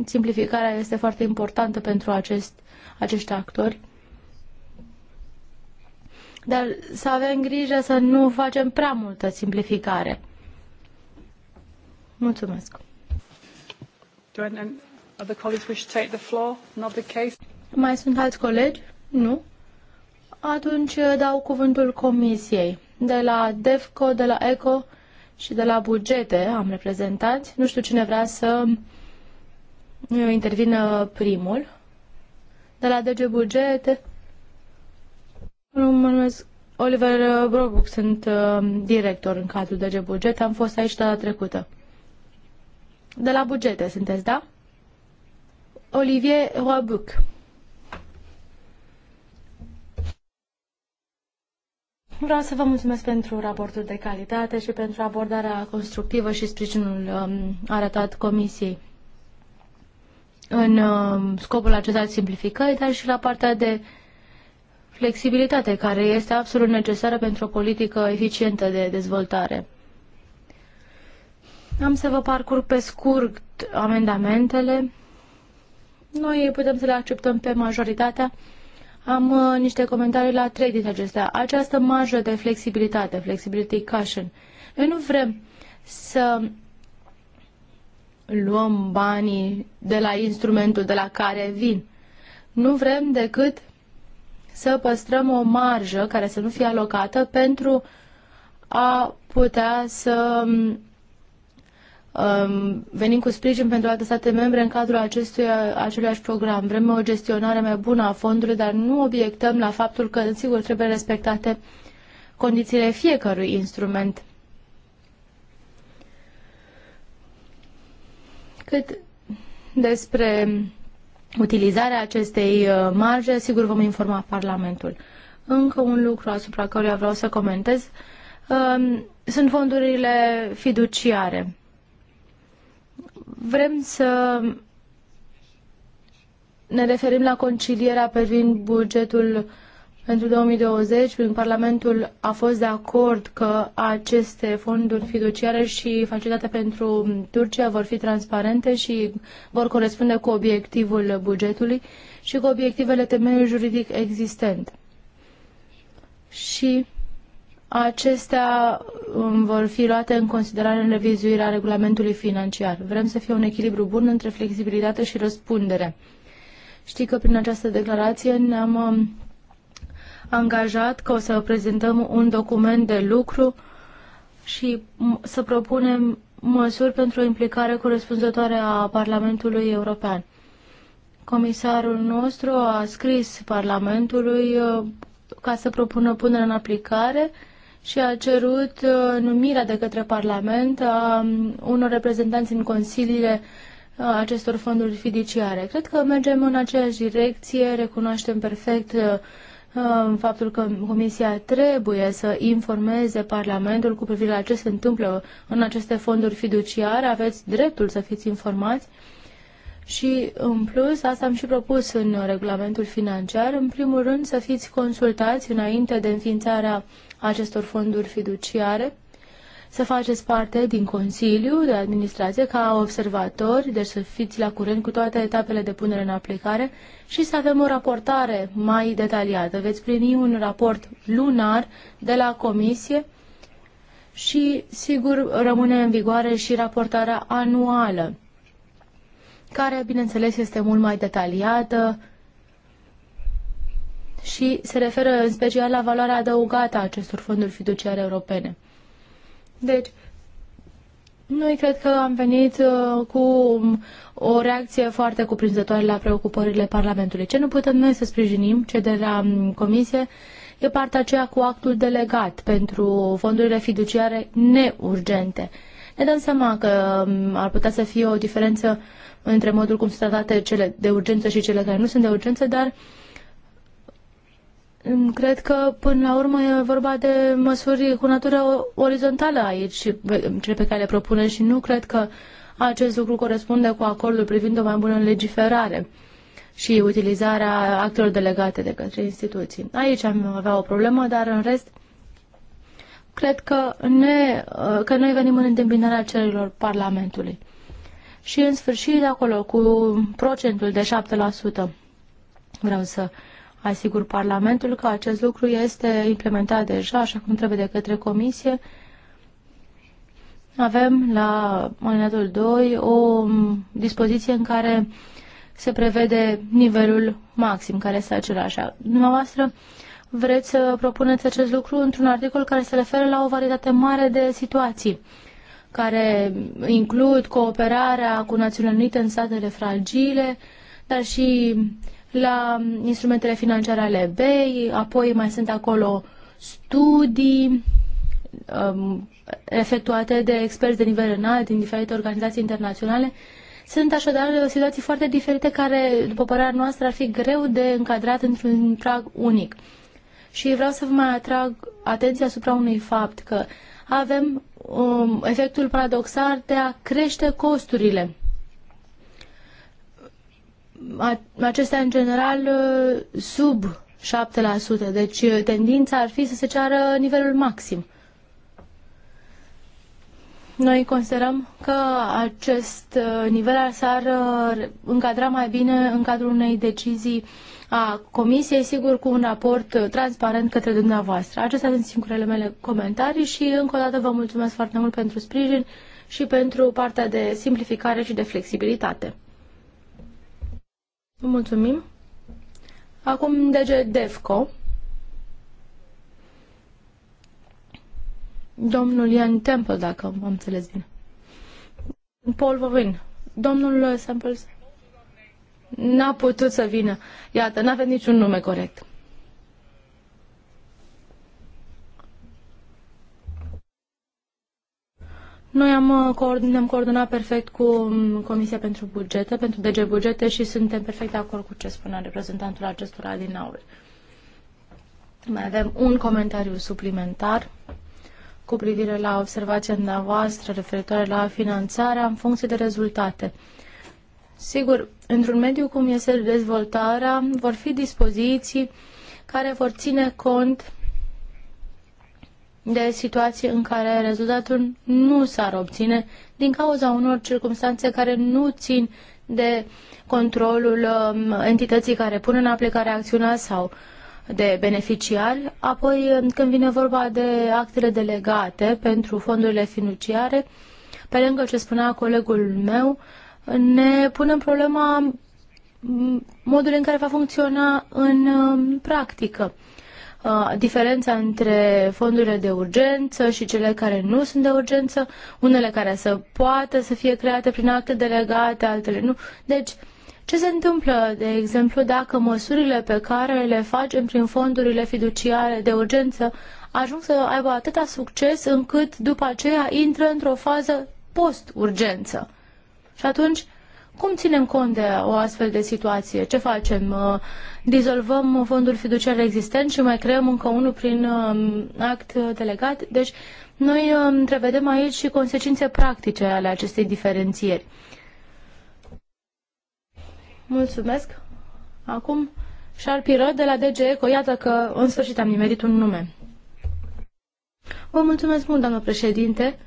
Simplificarea este foarte importantă pentru acest, acești actori. Dar să avem grijă să nu facem prea multă simplificare. Mulțumesc. Do any other colleagues wish to take the floor? Not the case. Mai sunt alți colegi? Nu? Atunci uh, dau cuvântul comisiei. De la DEFCO, de la ECO și de la bugete am reprezentanți. Nu știu cine vrea să uh, intervină primul. De la DG Bugete, mă numesc Oliver Brobuc, sunt uh, director în cadrul DG Bugete. am fost aici data trecută de la bugete sunteți, da? Olivier Roabuc. Vreau să vă mulțumesc pentru raportul de calitate și pentru abordarea constructivă și sprijinul um, arătat Comisiei în um, scopul acesta al simplificării, dar și la partea de flexibilitate care este absolut necesară pentru o politică eficientă de dezvoltare. Am să vă parcurg pe scurt amendamentele. Noi putem să le acceptăm pe majoritatea. Am uh, niște comentarii la trei dintre acestea. Această marjă de flexibilitate, flexibility cushion. Noi nu vrem să luăm banii de la instrumentul de la care vin. Nu vrem decât să păstrăm o marjă care să nu fie alocată pentru a putea să um, Um, venim cu sprijin pentru alte state membre în cadrul acestui, aceluiași program. Vrem o gestionare mai bună a fondului, dar nu obiectăm la faptul că, sigur, trebuie respectate condițiile fiecărui instrument. Cât despre utilizarea acestei uh, marje, sigur vom informa Parlamentul. Încă un lucru asupra căruia vreau să comentez um, sunt fondurile fiduciare vrem să ne referim la concilierea privind bugetul pentru 2020, prin Parlamentul a fost de acord că aceste fonduri fiduciare și facilitate pentru Turcia vor fi transparente și vor corespunde cu obiectivul bugetului și cu obiectivele temeiului juridic existent. Și acestea um, vor fi luate în considerare în revizuirea regulamentului financiar. Vrem să fie un echilibru bun între flexibilitate și răspundere. Știi că prin această declarație ne-am um, angajat că o să prezentăm un document de lucru și să propunem măsuri pentru o implicare corespunzătoare a Parlamentului European. Comisarul nostru a scris Parlamentului uh, ca să propună punerea în aplicare și a cerut uh, numirea de către Parlament a um, unor reprezentanți în consiliile uh, acestor fonduri fiduciare. Cred că mergem în aceeași direcție, recunoaștem perfect uh, um, faptul că Comisia trebuie să informeze Parlamentul cu privire la ce se întâmplă în aceste fonduri fiduciare, aveți dreptul să fiți informați și, în plus, asta am și propus în regulamentul financiar, în primul rând să fiți consultați înainte de înființarea uh, acestor fonduri fiduciare, să faceți parte din Consiliu de Administrație ca observatori, deci să fiți la curent cu toate etapele de punere în aplicare și să avem o raportare mai detaliată. Veți primi un raport lunar de la Comisie și, sigur, rămâne în vigoare și raportarea anuală, care, bineînțeles, este mult mai detaliată, și se referă în special la valoarea adăugată a acestor fonduri fiduciare europene. Deci, noi cred că am venit uh, cu o reacție foarte cuprinzătoare la preocupările Parlamentului. Ce nu putem noi să sprijinim, ce de la mm, Comisie, e partea aceea cu actul delegat pentru fondurile fiduciare neurgente. Ne dăm seama că mm, ar putea să fie o diferență între modul cum sunt tratate cele de urgență și cele care nu sunt de urgență, dar uh, Cred că, până la urmă, e vorba de măsuri cu natură orizontală aici, cele pe care le propune și nu cred că acest lucru corespunde cu acordul privind o mai bună legiferare și utilizarea actelor delegate de către instituții. Aici am avea o problemă, dar în rest cred că, ne, că noi venim în întâmpinarea cererilor Parlamentului. Și în sfârșit acolo cu procentul de 7% vreau să Asigur Parlamentul că acest lucru este implementat deja, așa cum trebuie de către Comisie. Avem la alineatul 2 o dispoziție în care se prevede nivelul maxim, care este același. Dumneavoastră vreți să propuneți acest lucru într-un articol care se referă la o varietate mare de situații care includ cooperarea cu Națiunile Unite în statele fragile, dar și la instrumentele financiare ale BEI, apoi mai sunt acolo studii um, efectuate de experți de nivel înalt din diferite organizații internaționale. Sunt așadar situații foarte diferite care, după părerea noastră, ar fi greu de încadrat într-un prag unic. Și vreau să vă mai atrag atenția asupra unui fapt, că avem um, efectul paradoxal de a crește costurile acestea în general ă, sub 7%, deci ă, tendința ar fi să se ceară nivelul maxim. Noi considerăm că acest ă, nivel s-ar încadra mai bine în cadrul unei decizii a Comisiei, sigur cu un raport transparent către dumneavoastră. Acestea sunt singurele mele comentarii și încă o dată vă mulțumesc foarte mult pentru sprijin și pentru partea de simplificare și de flexibilitate. Mulțumim. Acum DG DEFCO. Domnul Ian Temple, dacă am înțeles bine. Paul Vovin. Domnul Samples n-a putut să vină. Iată, n-a venit niciun nume corect. Noi am, uh, ne-am coordonat perfect cu um, Comisia pentru Bugete, pentru DG Bugete și suntem perfect de acord cu ce spunea reprezentantul acestora din aur. Mai avem un comentariu suplimentar cu privire la observația dumneavoastră referitoare la finanțarea în funcție de rezultate. Sigur, într-un mediu cum este dezvoltarea, vor fi dispoziții care vor ține cont de situații în care rezultatul nu s-ar obține din cauza unor circunstanțe care nu țin de controlul um, entității care pun în aplicare acțiunea sau de beneficiari. Apoi, um, când vine vorba de actele delegate pentru fondurile financiare, pe lângă ce spunea colegul meu, ne punem problema modul în care va funcționa în um, practică diferența între fondurile de urgență și cele care nu sunt de urgență, unele care să poată să fie create prin acte delegate, altele nu. Deci, ce se întâmplă, de exemplu, dacă măsurile pe care le facem prin fondurile fiduciare de urgență ajung să aibă atâta succes încât după aceea intră într-o fază post-urgență? Și atunci, cum ținem cont de o astfel de situație? Ce facem? dizolvăm fondul fiduciar existent și mai creăm încă unul prin um, act delegat. Deci noi um, întrevedem aici și consecințe practice ale acestei diferențieri. Mulțumesc. Acum, Șarpiră de la DG Eco, iată că în sfârșit am nimerit un nume. Vă mulțumesc mult, doamnă președinte.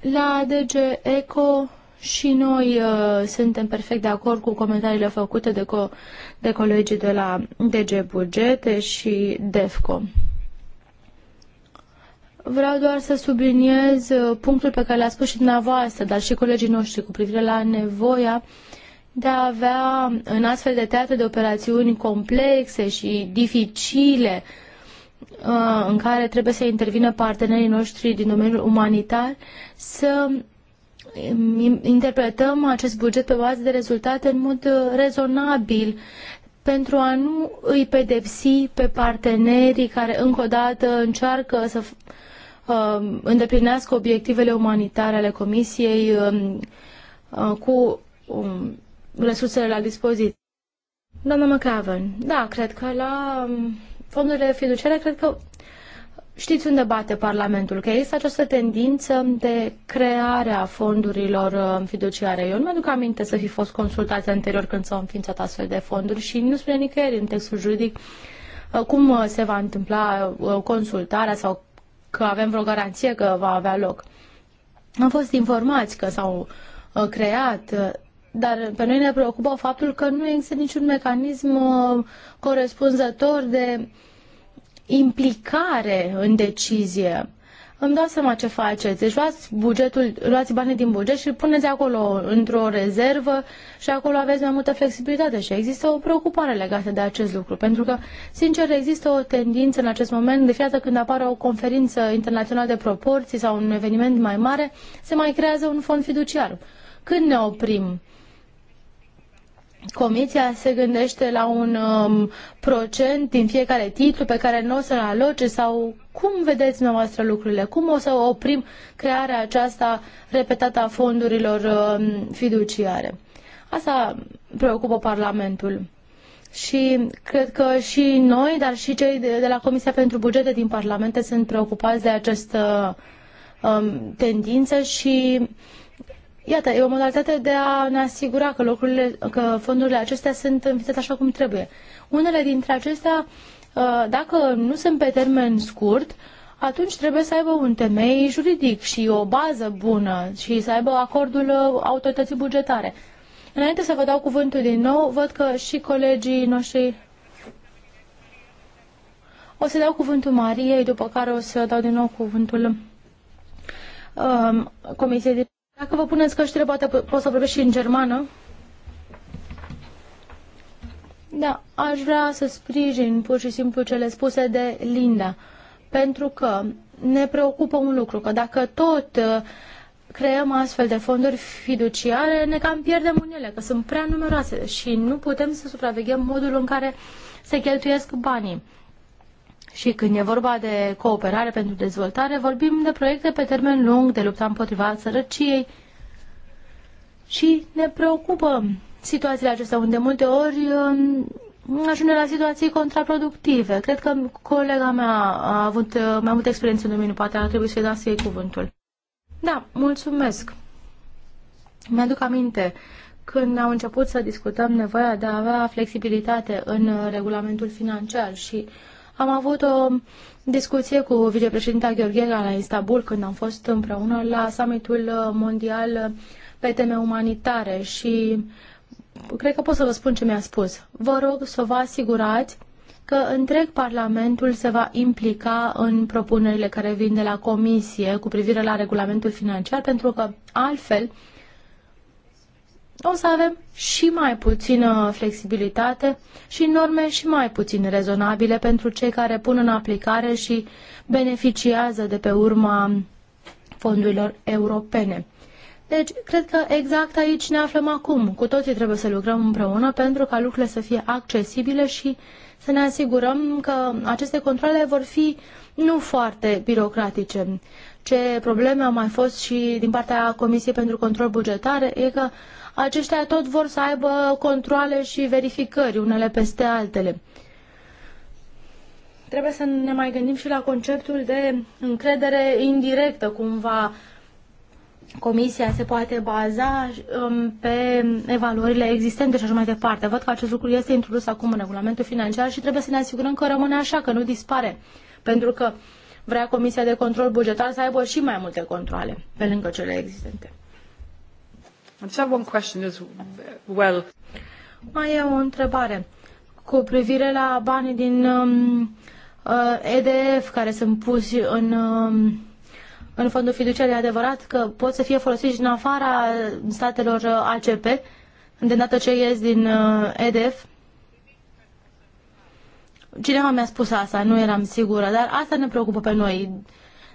La DG Eco și noi uh, suntem perfect de acord cu comentariile făcute de, co- de colegii de la DG Bugete și DEFCO. Vreau doar să subliniez uh, punctul pe care l-a spus și dumneavoastră, dar și colegii noștri cu privire la nevoia de a avea în astfel de teatre de operațiuni complexe și dificile uh, în care trebuie să intervină partenerii noștri din domeniul umanitar, să interpretăm acest buget pe bază de rezultate în mod uh, rezonabil pentru a nu îi pedepsi pe partenerii care încă o dată încearcă să uh, îndeplinească obiectivele umanitare ale Comisiei uh, uh, cu um, resursele la dispoziție. Doamna McAvan, da, cred că la um, fondurile fiduciare, cred că Știți unde bate Parlamentul? Că există această tendință de creare a fondurilor uh, fiduciare. Eu nu mă aduc aminte să fi fost consultați anterior când s-au înființat astfel de fonduri și nu spune nicăieri în textul juridic uh, cum uh, se va întâmpla consultarea sau că avem vreo garanție că va avea loc. Am fost informați că s-au creat, dar pe noi ne preocupă faptul că nu există niciun mecanism corespunzător de implicare în decizie. Îmi dau seama ce faceți. Deci luați, bugetul, luați banii din buget și puneți acolo într-o rezervă și acolo aveți mai multă flexibilitate și există o preocupare legată de acest lucru. Pentru că, sincer, există o tendință în acest moment, de fiată când apare o conferință internațională de proporții sau un eveniment mai mare, se mai creează un fond fiduciar. Când ne oprim? Comisia se gândește la un um, procent din fiecare titlu pe care nu o să-l aloce sau cum vedeți dumneavoastră lucrurile? Cum o să oprim crearea aceasta repetată a fondurilor um, fiduciare? Asta preocupă Parlamentul. Și cred că și noi, dar și cei de, de la Comisia pentru Bugete din Parlamente sunt preocupați de această um, tendință și Iată, e o modalitate de a ne asigura că, lucrurile, că fondurile acestea sunt înființate așa cum trebuie. Unele dintre acestea, ă, dacă nu sunt pe termen scurt, atunci trebuie să aibă un temei juridic și o bază bună și să aibă acordul autorității bugetare. Înainte să vă dau cuvântul din nou, văd că și colegii noștri... O să dau cuvântul Mariei, după care o să dau din nou cuvântul um, Comisiei de... Dacă vă puneți căștile, poate pot să vorbesc și în germană. Da, aș vrea să sprijin pur și simplu cele spuse de Linda, pentru că ne preocupă un lucru, că dacă tot uh, creăm astfel de fonduri fiduciare, ne cam pierdem în ele, că sunt prea numeroase și nu putem să supraveghem modul în care se cheltuiesc banii. Și când e vorba de cooperare pentru dezvoltare, vorbim de proiecte pe termen lung, de lupta împotriva sărăciei și ne preocupă situațiile acestea, unde multe ori um, ajunge la situații contraproductive. Cred că colega mea a avut mai multă experiență în domeniu, poate ar trebui să-i dați ei cuvântul. Da, mulțumesc. Mi-aduc aminte când am început să discutăm nevoia de a avea flexibilitate în regulamentul financiar și uh, am avut o discuție cu vicepreședinta Gheorgheva la Istanbul când am fost împreună la summitul mondial pe teme umanitare și cred că pot să vă spun ce mi-a spus. Vă rog să vă asigurați că întreg Parlamentul se va implica în propunerile care vin de la Comisie cu privire la regulamentul financiar, pentru că altfel o să avem și mai puțină flexibilitate și norme și mai puțin rezonabile pentru cei care pun în aplicare și beneficiază de pe urma fondurilor europene. Deci, cred că exact aici ne aflăm acum. Cu toții trebuie să lucrăm împreună pentru ca lucrurile să fie accesibile și să ne asigurăm că aceste controle vor fi nu foarte birocratice. Ce probleme au mai fost și din partea Comisiei pentru Control Bugetar e că aceștia tot vor să aibă controle și verificări, unele peste altele. Trebuie să ne mai gândim și la conceptul de încredere indirectă, cumva comisia se poate baza um, pe evaluările existente și așa mai departe. Văd că acest lucru este introdus acum în regulamentul financiar și trebuie să ne asigurăm că rămâne așa, că nu dispare pentru că vrea Comisia de Control Bugetar să aibă și mai multe controle pe lângă cele existente. Well. Mai e o întrebare cu privire la banii din um, uh, EDF care sunt puși în, um, în fondul fiduciar. E adevărat că pot să fie folosiți în afara statelor ACP, de dată ce ies din uh, EDF? Cineva mi-a spus asta, nu eram sigură, dar asta ne preocupă pe noi.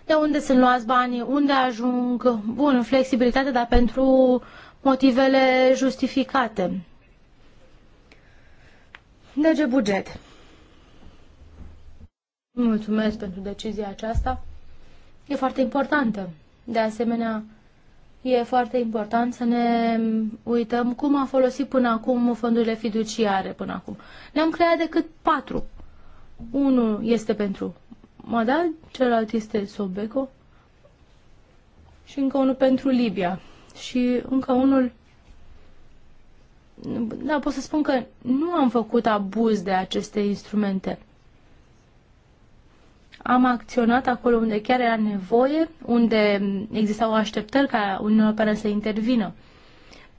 De unde sunt luați banii, unde ajung, bun, flexibilitate, dar pentru motivele justificate. Dege deci, buget. Mulțumesc pentru decizia aceasta. E foarte importantă. De asemenea, e foarte important să ne uităm cum a folosit până acum fondurile fiduciare până acum. Ne-am creat decât patru unul este pentru Madal, celălalt este Sobeco și încă unul pentru Libia. Și încă unul... Da, pot să spun că nu am făcut abuz de aceste instrumente. Am acționat acolo unde chiar era nevoie, unde existau așteptări ca Uniunea Europeană să intervină.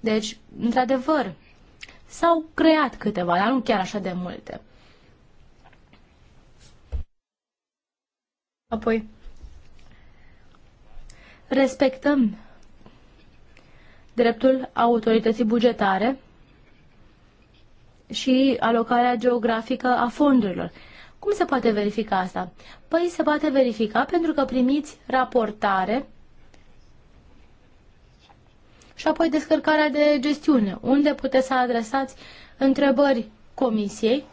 Deci, într-adevăr, s-au creat câteva, dar nu chiar așa de multe. Apoi, respectăm dreptul autorității bugetare și alocarea geografică a fondurilor. Cum se poate verifica asta? Păi se poate verifica pentru că primiți raportare și apoi descărcarea de gestiune, unde puteți să adresați întrebări comisiei,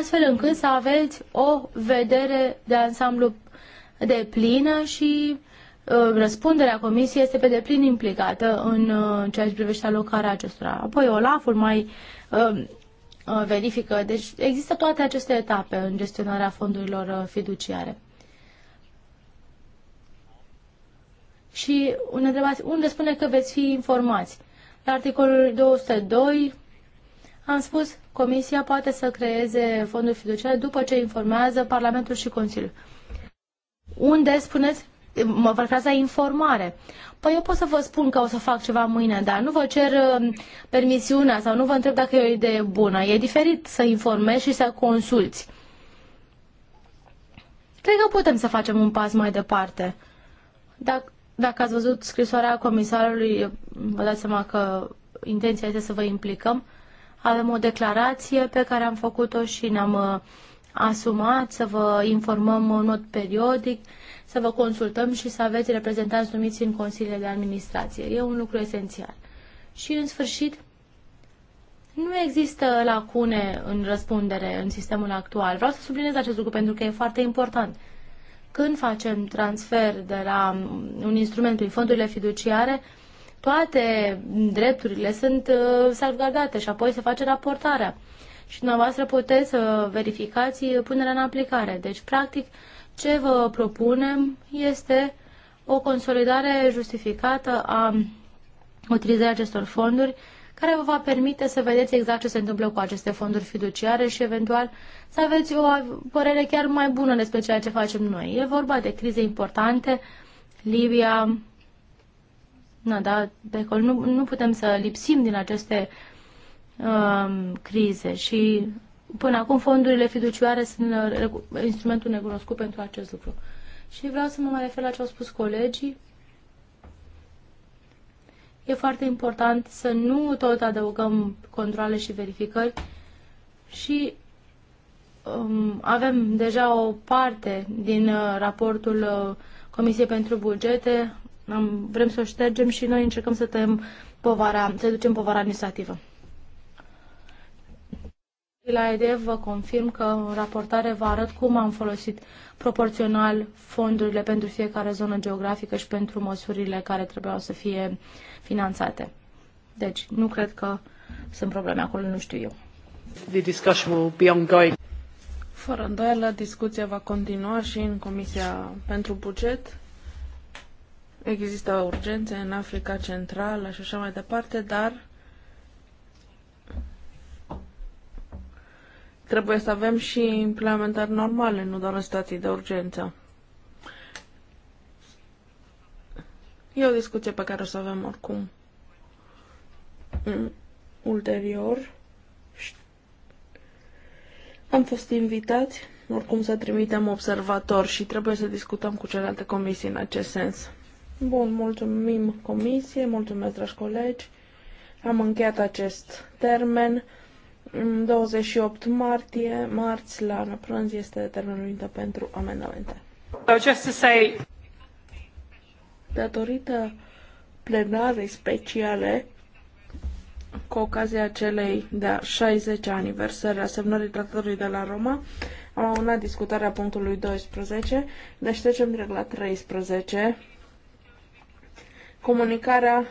astfel încât să aveți o vedere de ansamblu de plină și uh, răspunderea comisiei este pe deplin implicată în uh, ceea ce privește alocarea acestora. Apoi Olaful mai uh, verifică. Deci există toate aceste etape în gestionarea fondurilor fiduciare. Și ne întrebați unde spune că veți fi informați. La articolul 202 am spus Comisia poate să creeze fonduri fiduciare după ce informează Parlamentul și Consiliul unde spuneți, mă vă la informare. Păi eu pot să vă spun că o să fac ceva mâine, dar nu vă cer um, permisiunea sau nu vă întreb dacă e o idee bună. E diferit să informezi și să consulți. Cred că putem să facem un pas mai departe. Dacă, dacă ați văzut scrisoarea comisarului, vă dați seama că intenția este să vă implicăm. Avem o declarație pe care am făcut-o și ne-am uh, asumat, să vă informăm în mod periodic, să vă consultăm și să aveți reprezentanți numiți în consiliile de administrație. E un lucru esențial. Și, în sfârșit, nu există lacune în răspundere în sistemul actual. Vreau să subliniez acest lucru pentru că e foarte important. Când facem transfer de la un instrument prin fondurile fiduciare, toate drepturile sunt uh, salvgardate și apoi se face raportarea și dumneavoastră puteți să verificați punerea în aplicare. Deci, practic, ce vă propunem este o consolidare justificată a utilizării acestor fonduri care vă va permite să vedeți exact ce se întâmplă cu aceste fonduri fiduciare și eventual să aveți o părere chiar mai bună despre ceea ce facem noi. E vorba de crize importante, Libia, na, da, de acolo nu, nu putem să lipsim din aceste Um, crize și până acum fondurile fiduciare sunt uh, instrumentul necunoscut pentru acest lucru. Și vreau să mă mai refer la ce au spus colegii. E foarte important să nu tot adăugăm controle și verificări și um, avem deja o parte din uh, raportul uh, Comisiei pentru Bugete, Am vrem să o ștergem și noi încercăm să tăiem povara, să ducem povara administrativă. La EDF vă confirm că în raportare vă arăt cum am folosit proporțional fondurile pentru fiecare zonă geografică și pentru măsurile care trebuiau să fie finanțate. Deci, nu cred că sunt probleme acolo, nu știu eu. The discussion will be ongoing. Fără îndoială, discuția va continua și în Comisia pentru Buget. Există urgențe în Africa Centrală și așa mai departe, dar Trebuie să avem și implementări normale, nu doar în situații de urgență. E o discuție pe care o să avem oricum mm, ulterior. Am fost invitați, oricum să trimitem observatori și trebuie să discutăm cu celelalte comisii în acest sens. Bun, mulțumim comisie, mulțumesc dragi colegi. Am încheiat acest termen. 28 martie, marți, la prânz, este termenul limită pentru amendamente. So just to say... Datorită plenarei speciale, cu ocazia celei de-a 60 -a aniversări a semnării tratatului de la Roma, am amânat discutarea punctului 12, deci trecem direct la 13. Comunicarea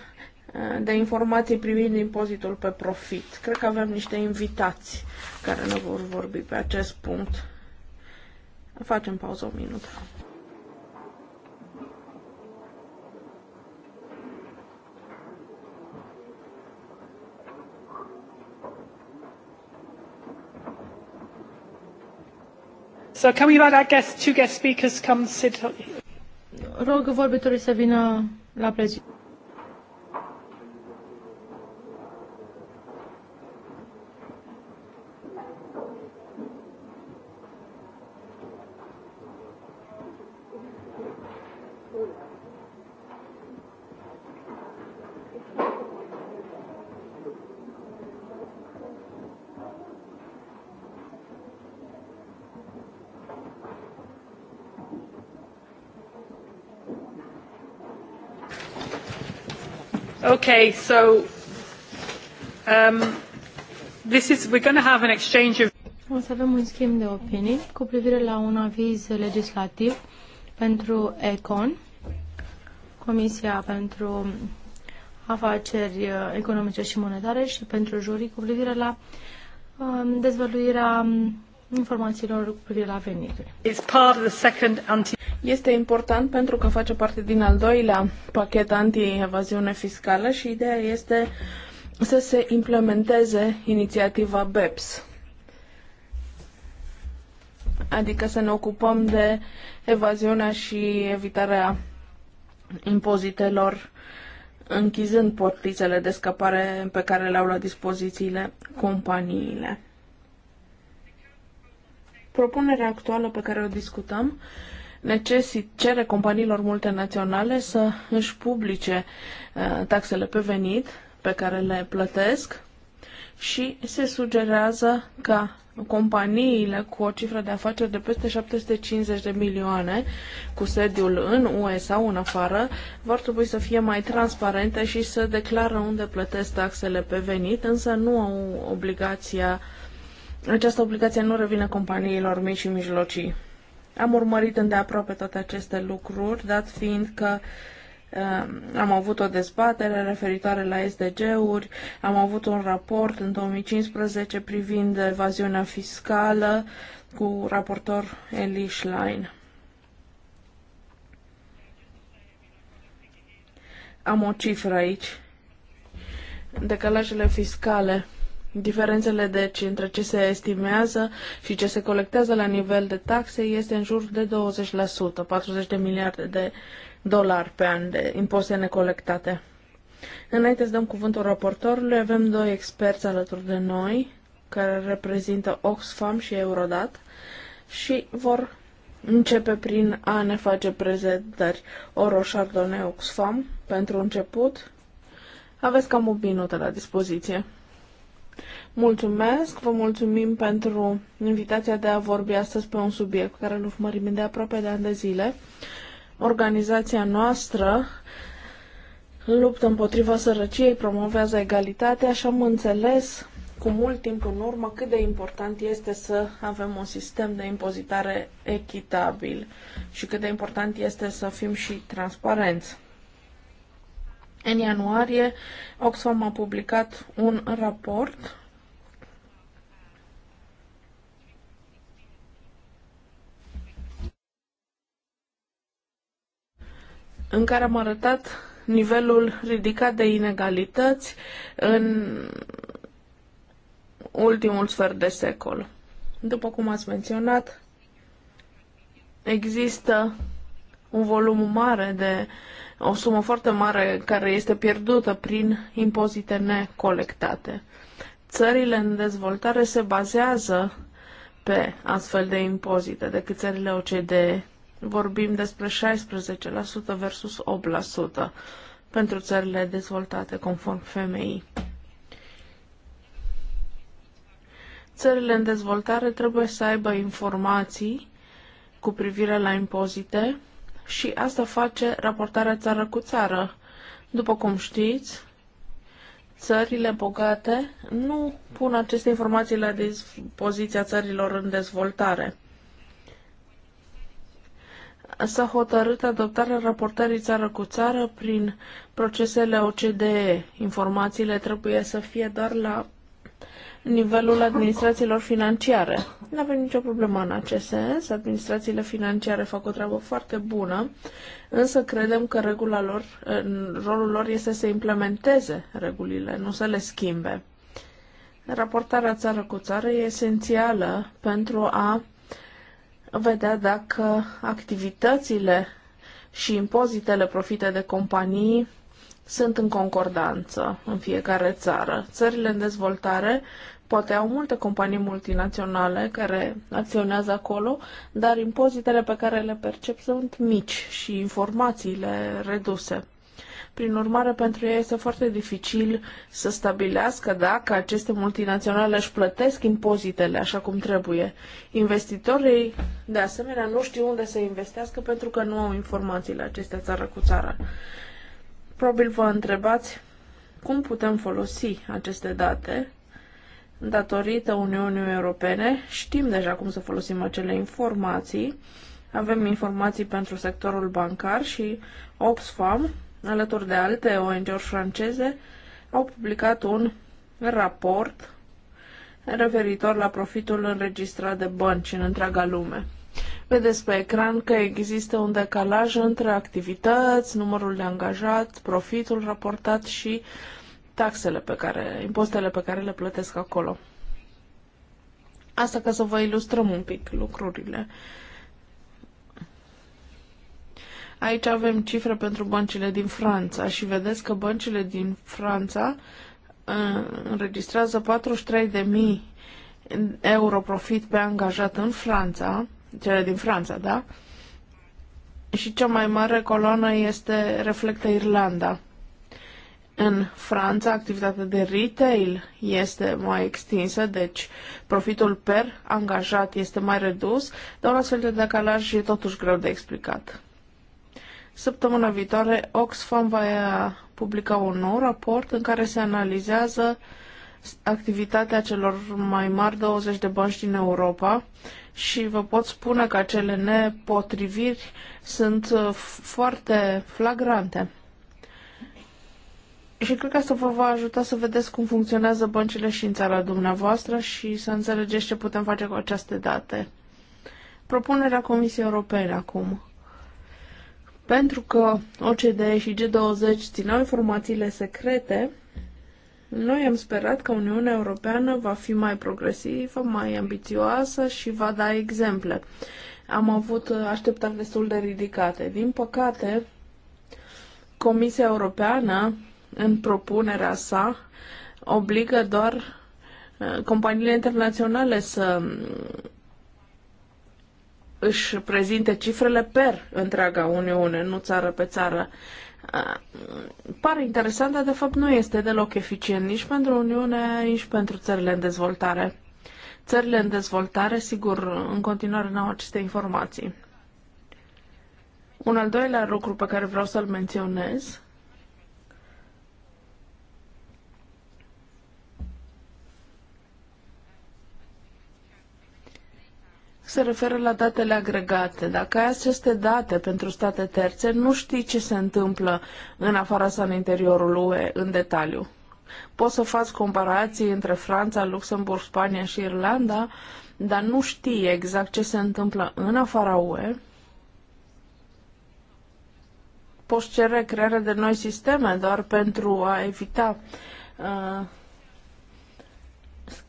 de informații privind impozitul pe profit. Cred că avem niște invitați care ne vor vorbi pe acest punct. Facem pauză o minută. So can we invite our guests, two guest speakers come sit? Rog vorbitorii să vină la prezidiu. Okay, so um, this is we're going to have an exchange of. O să avem un schimb de opinii cu privire la un aviz legislativ pentru Econ, Comisia pentru Afaceri Economice și Monetare și pentru juri cu privire la um, dezvăluirea um, informațiilor cu privire la venituri. Este important pentru că face parte din al doilea pachet anti-evaziune fiscală și ideea este să se implementeze inițiativa BEPS. Adică să ne ocupăm de evaziunea și evitarea impozitelor închizând portițele de scăpare pe care le au la dispozițiile companiile. Propunerea actuală pe care o discutăm necesit, cere companiilor multinaționale să își publice uh, taxele pe venit pe care le plătesc și se sugerează ca companiile cu o cifră de afaceri de peste 750 de milioane cu sediul în UE sau în afară vor trebui să fie mai transparente și să declară unde plătesc taxele pe venit, însă nu au obligația această obligație nu revine companiilor mici și mijlocii. Am urmărit îndeaproape toate aceste lucruri, dat fiind că uh, am avut o dezbatere referitoare la SDG-uri, am avut un raport în 2015 privind evaziunea fiscală cu raportor Eli Schlein. Am o cifră aici. Decalajele fiscale Diferențele, deci, între ce se estimează și ce se colectează la nivel de taxe este în jur de 20%, 40 de miliarde de dolari pe an de impozite necolectate. Înainte să dăm cuvântul raportorului, avem doi experți alături de noi, care reprezintă Oxfam și Eurodat, și vor începe prin a ne face prezentări Oro Chardonnay Oxfam pentru început. Aveți cam o minută la dispoziție. Mulțumesc, vă mulțumim pentru invitația de a vorbi astăzi pe un subiect care îl urmărim de aproape de ani de zile. Organizația noastră luptă împotriva sărăciei, promovează egalitatea și am înțeles cu mult timp în urmă cât de important este să avem un sistem de impozitare echitabil și cât de important este să fim și transparenți. În ianuarie, Oxfam a publicat un raport în care am arătat nivelul ridicat de inegalități în ultimul sfert de secol. După cum ați menționat, există un volum mare de o sumă foarte mare care este pierdută prin impozite necolectate. Țările în dezvoltare se bazează pe astfel de impozite decât țările OCDE vorbim despre 16% versus 8% pentru țările dezvoltate conform FMI. Țările în dezvoltare trebuie să aibă informații cu privire la impozite și asta face raportarea țară cu țară. După cum știți, țările bogate nu pun aceste informații la dispoziția țărilor în dezvoltare s-a hotărât adoptarea raportării țară cu țară prin procesele OCDE. Informațiile trebuie să fie doar la nivelul administrațiilor financiare. Nu avem nicio problemă în acest sens. Administrațiile financiare fac o treabă foarte bună, însă credem că regula lor, rolul lor este să implementeze regulile, nu să le schimbe. Raportarea țară cu țară e esențială pentru a vedea dacă activitățile și impozitele profite de companii sunt în concordanță în fiecare țară. Țările în dezvoltare poate au multe companii multinaționale care acționează acolo, dar impozitele pe care le percep sunt mici și informațiile reduse. Prin urmare, pentru ei este foarte dificil să stabilească dacă aceste multinaționale își plătesc impozitele așa cum trebuie. Investitorii, de asemenea, nu știu unde să investească pentru că nu au informațiile acestea țară cu țară. Probabil vă întrebați cum putem folosi aceste date datorită Uniunii Europene. Știm deja cum să folosim acele informații. Avem informații pentru sectorul bancar și Oxfam alături de alte ONG-uri franceze, au publicat un raport referitor la profitul înregistrat de bănci în întreaga lume. Vedeți pe ecran că există un decalaj între activități, numărul de angajat, profitul raportat și taxele pe care, impozitele pe care le plătesc acolo. Asta ca să vă ilustrăm un pic lucrurile. Uh, Aici avem cifre pentru băncile din Franța și vedeți că băncile din Franța uh, înregistrează 43.000 euro profit pe angajat în Franța, cele din Franța, da? Și cea mai mare coloană este reflectă Irlanda. În Franța, activitatea de retail este mai extinsă, deci profitul per angajat este mai redus, dar un astfel de decalaj e totuși greu de explicat. Săptămâna viitoare, Oxfam va publica un nou raport în care se analizează activitatea celor mai mari 20 de bănci din Europa și vă pot spune că acele nepotriviri sunt uh, foarte flagrante. Și cred că asta vă va ajuta să vedeți cum funcționează băncile și în țara dumneavoastră și să înțelegeți ce putem face cu aceste date. Propunerea Comisiei Europene acum. Pentru că OCDE și G20 țineau informațiile secrete, noi am sperat că Uniunea Europeană va fi mai progresivă, mai ambițioasă și va da exemple. Am avut așteptări destul de ridicate. Din păcate, Comisia Europeană, în propunerea sa, obligă doar eh, companiile internaționale să își prezinte cifrele per întreaga Uniune, nu țară pe țară. Pare interesant, dar de fapt nu este deloc eficient nici pentru Uniune, nici pentru țările în dezvoltare. Țările în dezvoltare, sigur, în continuare n-au aceste informații. Un al doilea lucru pe care vreau să-l menționez se referă la datele agregate. Dacă ai aceste date pentru state terțe, nu știi ce se întâmplă în afara sau în interiorul UE în detaliu. Poți să faci comparații între Franța, Luxemburg, Spania și Irlanda, dar nu știi exact ce se întâmplă în afara UE. Poți cere crearea de noi sisteme doar pentru a evita uh,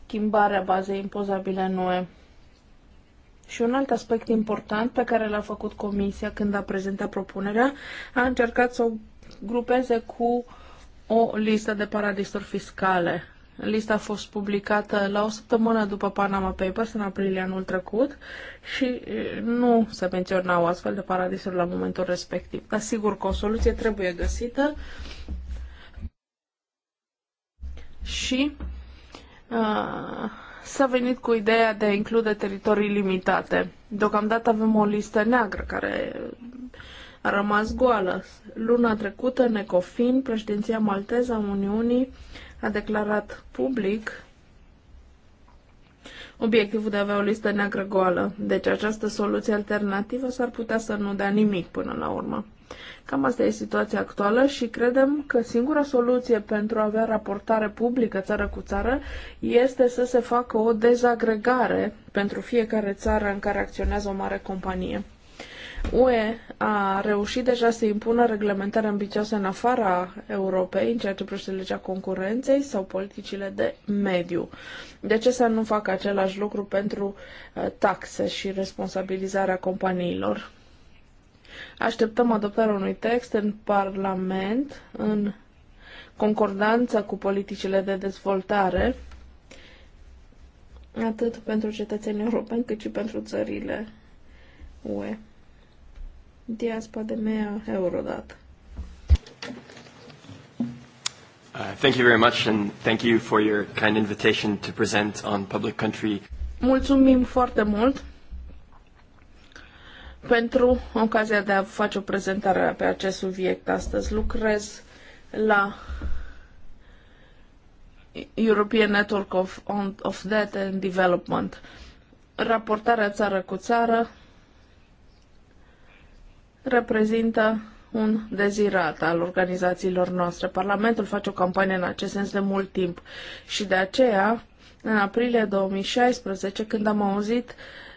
schimbarea bazei impozabile în UE. Și un alt aspect important pe care l-a făcut Comisia când a prezentat propunerea, a încercat să o grupeze cu o listă de paradisuri fiscale. Lista a fost publicată la o săptămână după Panama Papers, în aprilie anul trecut, și nu se menționau astfel de paradisuri la momentul respectiv. Dar sigur că o soluție trebuie găsită și uh, s-a venit cu ideea de a include teritorii limitate. Deocamdată avem o listă neagră care a rămas goală. Luna trecută, Necofin, președinția malteză a Uniunii, a declarat public obiectivul de a avea o listă neagră goală. Deci această soluție alternativă s-ar putea să nu dea nimic până la urmă. Cam asta e situația actuală și credem că singura soluție pentru a avea raportare publică țară cu țară este să se facă o dezagregare pentru fiecare țară în care acționează o mare companie. UE a reușit deja să impună reglementări ambițioase în afara Europei în ceea ce privește legea concurenței sau politicile de mediu. De ce să nu facă același lucru pentru uh, taxe și responsabilizarea companiilor? Așteptăm adoptarea unui text în Parlament, în concordanță cu politicile de dezvoltare, atât pentru cetățenii europeni, cât și pentru țările UE. Diaspa de mea eurodat. Uh, thank you very much and thank you for your kind invitation to present on public country. Mulțumim foarte mult pentru ocazia de a face o prezentare pe acest subiect astăzi. Lucrez la European Network of, of Data and Development. Raportarea țară cu țară reprezintă un dezirat al organizațiilor noastre. Parlamentul face o campanie în acest sens de mult timp și de aceea, în aprilie 2016, când am auzit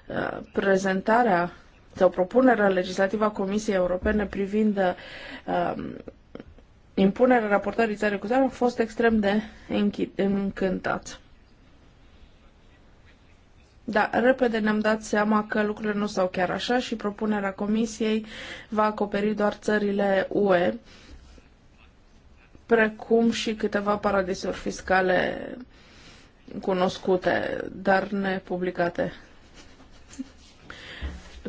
uh, prezentarea sau propunerea legislativă a Comisiei Europene privind uh, impunerea raportării țară cu țară, am fost extrem de încântat. Da, repede ne-am dat seama că lucrurile nu stau chiar așa și propunerea Comisiei va acoperi doar țările UE, precum și câteva paradisuri fiscale cunoscute, dar nepublicate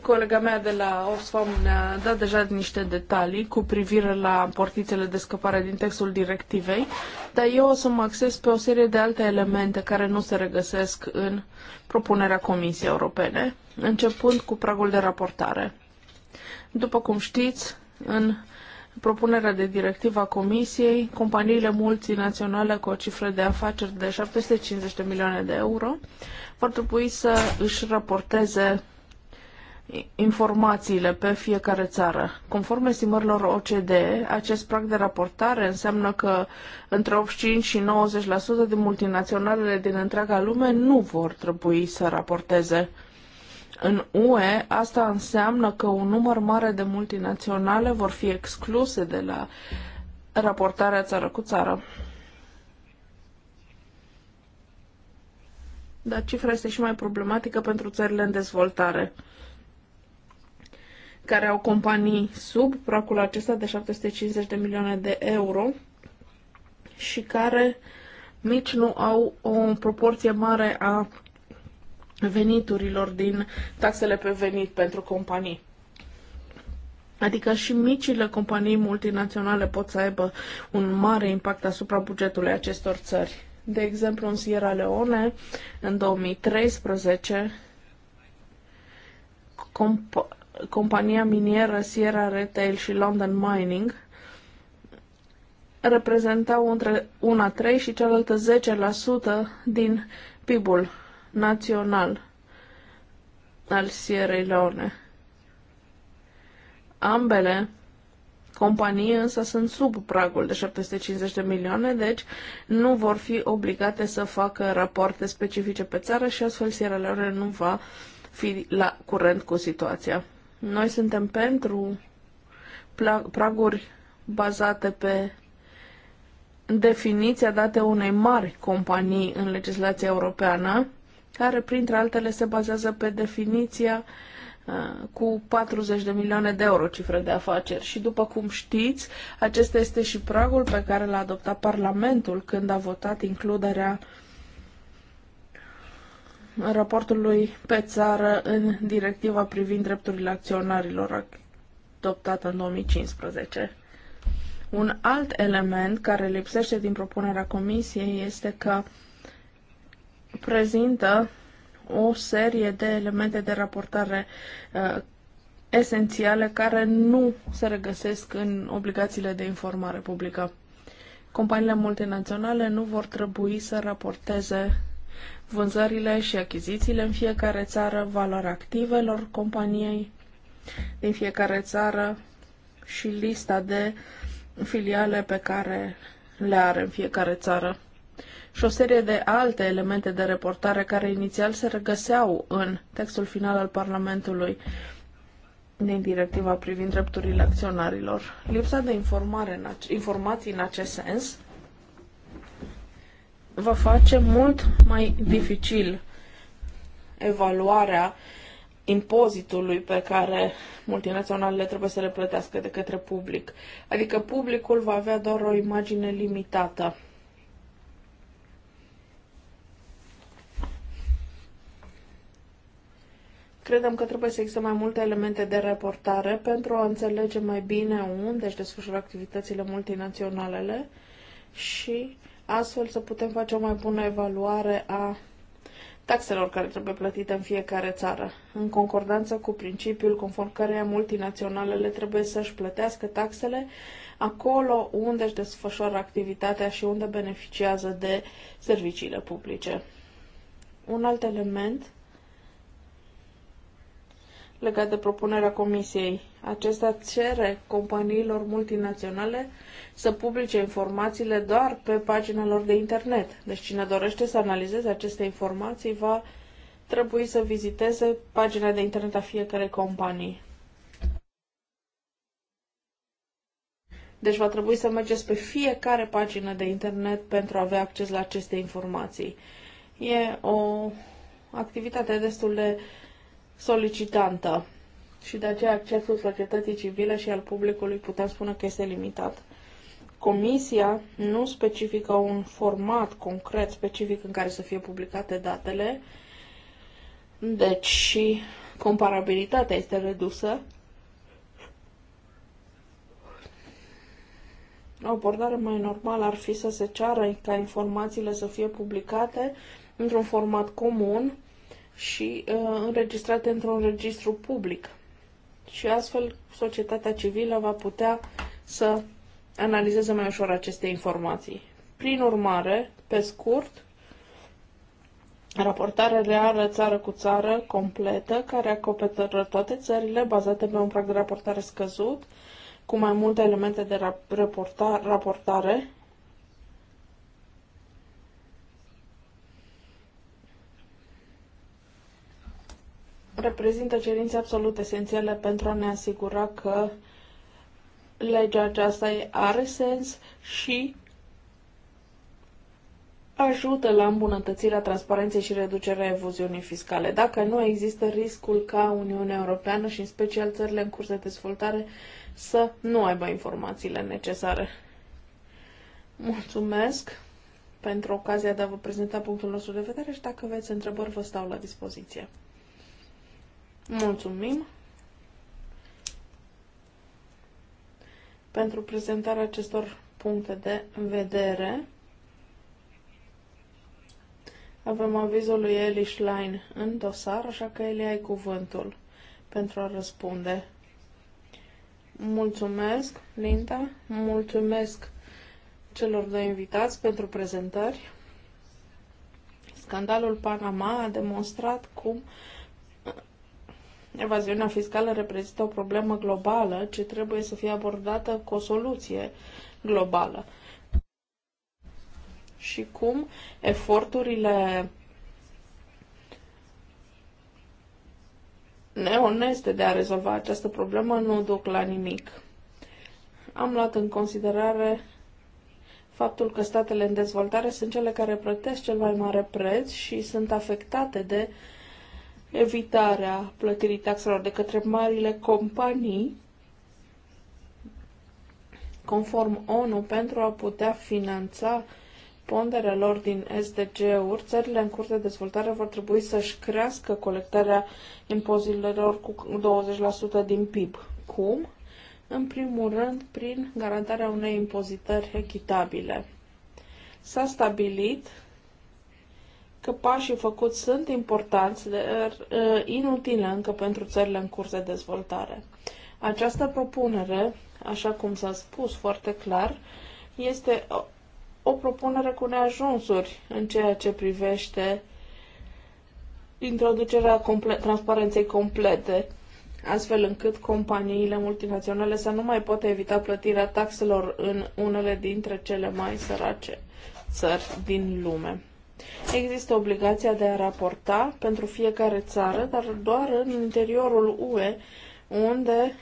Colega mea de la Oxfam ne-a dat deja niște detalii cu privire la portițele de scăpare din textul directivei, dar eu o să mă acces pe o serie de alte elemente care nu se regăsesc în propunerea Comisiei Europene, începând cu pragul de raportare. După cum știți, în propunerea de directivă a Comisiei, companiile multinaționale cu o cifră de afaceri de 750 de milioane de euro vor trebui să își raporteze informațiile pe fiecare țară. Conform estimărilor OCDE, acest prag de raportare înseamnă că între 85 și 90% din multinaționalele din întreaga lume nu vor trebui să raporteze. În UE, asta înseamnă că un număr mare de multinaționale vor fi excluse de la raportarea țară cu țară. Dar cifra este și mai problematică pentru țările în dezvoltare care au companii sub pracul acesta de 750 de milioane de euro și care nici nu au o proporție mare a veniturilor din taxele pe venit pentru companii. Adică și micile companii multinaționale pot să aibă un mare impact asupra bugetului acestor țări. De exemplu, în Sierra Leone, în 2013, compania minieră Sierra Retail și London Mining reprezentau între una 3 și cealaltă 10% din PIB-ul național al Sierra Leone. Ambele companii însă sunt sub pragul de 750 de milioane, deci nu vor fi obligate să facă rapoarte specifice pe țară și astfel Sierra Leone nu va fi la curent cu situația. Noi suntem pentru praguri bazate pe definiția dată unei mari companii în legislația europeană, care, printre altele, se bazează pe definiția uh, cu 40 de milioane de euro cifră de afaceri. Și după cum știți, acesta este și pragul pe care l-a adoptat Parlamentul când a votat includerea uh, raportului pe țară în directiva privind drepturile acționarilor adoptată în 2015. Un alt element care lipsește din propunerea comisiei este că prezintă o serie de elemente de raportare uh, esențiale care nu se regăsesc în obligațiile de informare publică. Companiile multinaționale nu vor trebui să raporteze vânzările și achizițiile în fiecare țară, valoarea activelor companiei din fiecare țară și lista de filiale pe care le are în fiecare țară. Și o serie de alte elemente de reportare care inițial se regăseau în textul final al Parlamentului din directiva privind drepturile acționarilor. Lipsa de informare informații în acest sens va face mult mai dificil evaluarea impozitului pe care multinaționalele trebuie să le plătească de către public. Adică publicul va avea doar o imagine limitată. Credem că trebuie să existe mai multe elemente de reportare pentru a înțelege mai bine unde își desfășură activitățile multinaționalele și astfel să putem face o mai bună evaluare a taxelor care trebuie plătite în fiecare țară, în concordanță cu principiul conform căreia multinaționalele trebuie să-și plătească taxele acolo unde își desfășoară activitatea și unde beneficiază de serviciile publice. Un alt element legat de propunerea Comisiei acesta cere companiilor multinaționale să publice informațiile doar pe pagina lor de internet. Deci cine dorește să analizeze aceste informații va trebui să viziteze pagina de internet a fiecarei companii. Deci va trebui să mergeți pe fiecare pagină de internet pentru a avea acces la aceste informații. E o activitate destul de solicitantă și de aceea accesul societății civile și al publicului putem spune că este limitat. Comisia nu specifică un format concret specific în care să fie publicate datele, deci și comparabilitatea este redusă. O abordare mai normală ar fi să se ceară ca informațiile să fie publicate într-un format comun și uh, înregistrate într-un registru public și astfel societatea civilă va putea să analizeze mai ușor aceste informații. Prin urmare, pe scurt, raportare reală țară cu țară completă, care acoperă toate țările, bazate pe un prag de raportare scăzut, cu mai multe elemente de raportare, reprezintă cerințe absolut esențiale pentru a ne asigura că legea aceasta are sens și ajută la îmbunătățirea transparenței și reducerea evoziunii fiscale. Dacă nu există riscul ca Uniunea Europeană și în special țările în curs de dezvoltare să nu aibă informațiile necesare. Mulțumesc pentru ocazia de a vă prezenta punctul nostru de vedere și dacă aveți întrebări, vă stau la dispoziție. Mulțumim pentru prezentarea acestor puncte de vedere. Avem avizul lui Eli Schlein în dosar, așa că Eli ai cuvântul pentru a răspunde. Mulțumesc, Linda, mulțumesc celor doi invitați pentru prezentări. Scandalul Panama a demonstrat cum uh, Evaziunea fiscală reprezintă o problemă globală ce trebuie să fie abordată cu o soluție globală. Și cum eforturile neoneste de a rezolva această problemă nu duc la nimic. Am luat în considerare faptul că statele în dezvoltare sunt cele care plătesc cel mai mare preț și sunt afectate de uh, evitarea plătirii taxelor de către marile companii conform ONU pentru a putea finanța ponderea lor din SDG-uri, țările în curs de dezvoltare vor trebui să-și crească colectarea impozitelor cu 20% din PIB. Cum? În primul rând, prin garantarea unei impozitări echitabile. S-a stabilit că pașii făcuți sunt importanți, dar uh, inutile încă pentru țările în curs de dezvoltare. Această propunere, așa cum s-a spus foarte clar, este o, o propunere cu neajunsuri în ceea ce privește introducerea comple- transparenței complete, astfel încât companiile multinaționale să nu mai poată evita plătirea taxelor în unele dintre cele mai sărace țări din lume. Există obligația de a raporta pentru fiecare țară, dar doar în interiorul UE, unde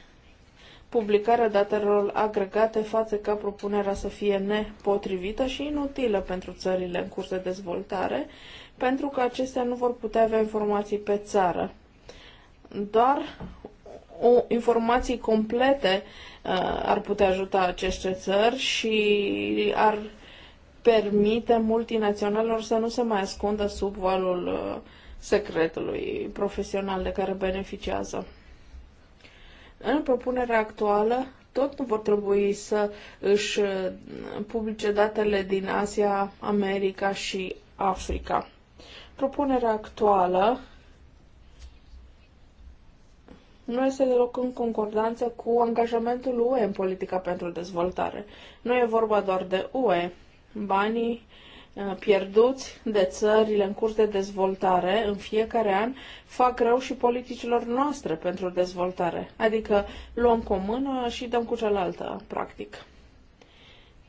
publicarea datelor agregate face ca propunerea să fie nepotrivită și inutilă pentru țările în curs de dezvoltare, pentru că acestea nu vor putea avea informații pe țară. Doar o, informații complete uh, ar putea ajuta aceste țări și ar uh, permite multinaționalilor să nu se mai ascundă sub valul uh, secretului profesional de care beneficiază. În propunerea actuală, tot nu vor trebui să își uh, publice datele din Asia, America și Africa. Propunerea actuală nu este deloc în concordanță cu angajamentul UE în politica pentru dezvoltare. Nu e vorba doar de UE, banii uh, pierduți de țările în curs de dezvoltare în fiecare an fac rău și politicilor noastre pentru dezvoltare. Adică luăm cu o mână și dăm cu cealaltă, practic.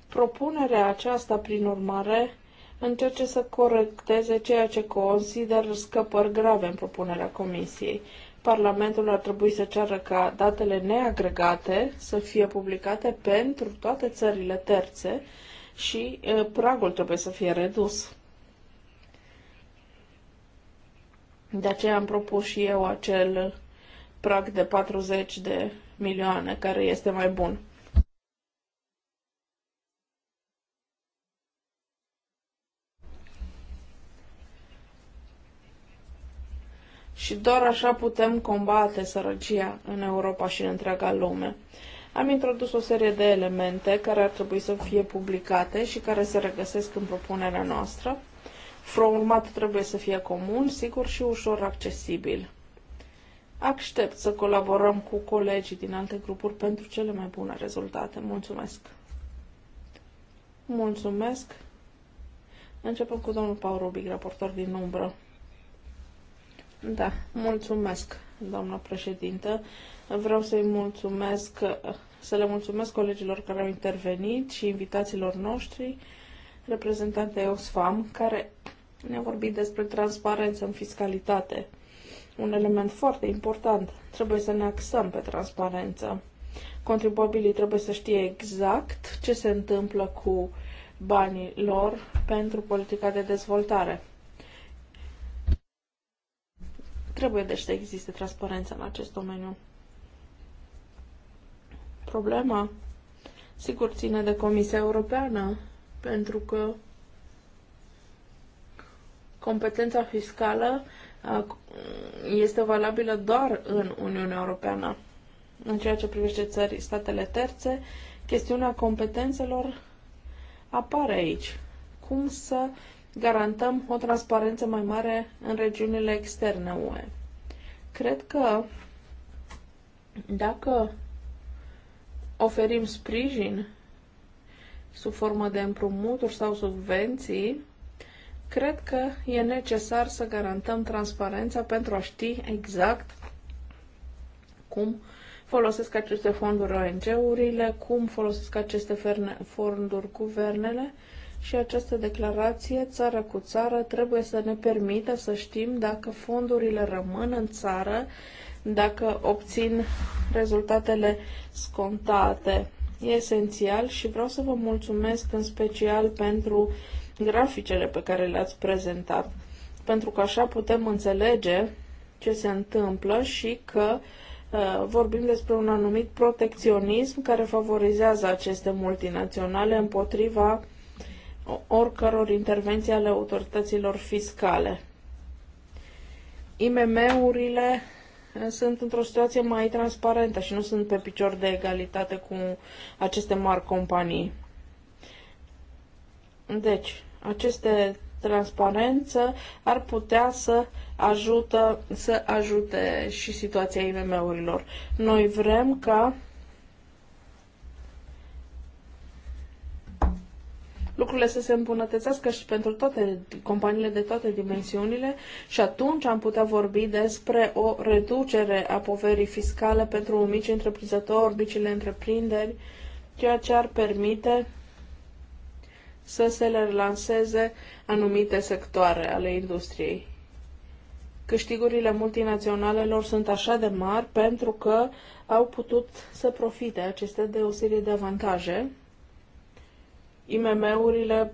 Propunerea aceasta, prin urmare, încerce să corecteze ceea ce consider scăpări grave în propunerea Comisiei. Parlamentul ar trebui să ceară ca datele neagregate să fie publicate pentru toate țările terțe, și pragul trebuie să fie redus. De aceea am propus și eu acel prag de 40 de milioane, care este mai bun. Și doar așa putem combate sărăcia în Europa și în întreaga lume. Am introdus o serie de elemente care ar trebui să fie publicate și care se regăsesc în propunerea noastră. Formatul trebuie să fie comun, sigur și ușor accesibil. Aștept să colaborăm cu colegii din alte grupuri pentru cele mai bune rezultate. Mulțumesc! Mulțumesc! Începem cu domnul Paul Rubic, raportor din umbră. Da, mulțumesc, doamna președintă. Vreau să-i mulțumesc să le mulțumesc colegilor care au intervenit și invitațiilor noștri, reprezentante OSFAM, care ne-au vorbit despre transparență în fiscalitate. Un element foarte important. Trebuie să ne axăm pe transparență. Contribuabilii trebuie să știe exact ce se întâmplă cu banii lor pentru politica de dezvoltare. Trebuie deci să existe transparență în acest domeniu problema? Sigur, ține de Comisia Europeană, pentru că competența fiscală este valabilă doar în Uniunea Europeană. În ceea ce privește țări, statele terțe, chestiunea competențelor apare aici. Cum să garantăm o transparență mai mare în regiunile externe UE? Cred că dacă oferim sprijin sub formă de împrumuturi sau subvenții, cred că e necesar să garantăm transparența pentru a ști exact cum folosesc aceste fonduri ONG-urile, cum folosesc aceste fonduri guvernele și această declarație țară cu țară trebuie să ne permită să știm dacă fondurile rămân în țară dacă obțin rezultatele scontate. E esențial și vreau să vă mulțumesc în special pentru graficele pe care le-ați prezentat, pentru că așa putem înțelege ce se întâmplă și că uh, vorbim despre un anumit protecționism care favorizează aceste multinaționale împotriva oricăror intervenții ale autorităților fiscale. IMM-urile sunt într-o situație mai transparentă și nu sunt pe picior de egalitate cu aceste mari companii. Deci, aceste transparență ar putea să ajută, să ajute și situația IMM-urilor. Noi vrem ca lucrurile să se îmbunătățească și pentru toate companiile de toate dimensiunile și atunci am putea vorbi despre o reducere a poverii fiscale pentru mici întreprinzători, micile întreprinderi, ceea ce ar permite să se le relanseze anumite sectoare ale industriei. Câștigurile multinaționalelor sunt așa de mari pentru că au putut să profite acestea de o serie de avantaje IMM-urile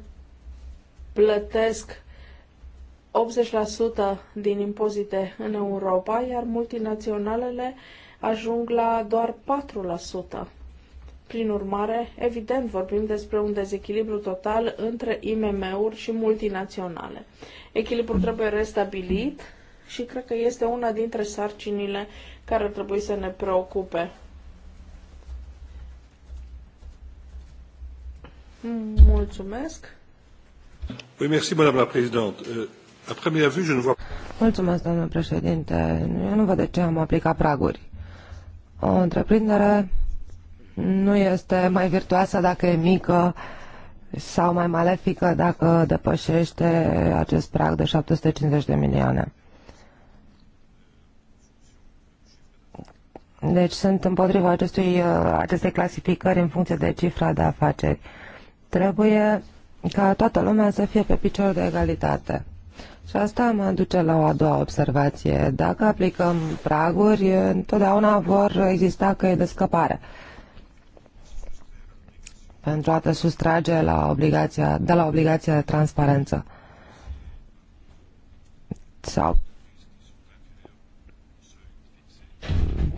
plătesc 80% din impozite în Europa, iar multinaționalele ajung la doar 4%. Prin urmare, evident, vorbim despre un dezechilibru total între IMM-uri și multinaționale. Echilibrul trebuie restabilit și cred că este una dintre sarcinile care trebuie să ne preocupe. Mulțumesc. Oui, merci, madame la présidente. La euh, première vue, je ne vois... Mulțumesc, domnule președinte. Eu nu văd de ce am aplicat praguri. O întreprindere nu este mai virtuoasă dacă e mică sau mai malefică dacă depășește acest prag de 750 de milioane. Deci sunt împotriva acestui, acestei clasificări în funcție de cifra de afaceri. Trebuie ca toată lumea să fie pe picior de egalitate. Și asta mă duce la o a doua observație. Dacă aplicăm praguri, întotdeauna vor exista căi de scăpare pentru a te sustrage la obligația, de la obligația de transparență. Sau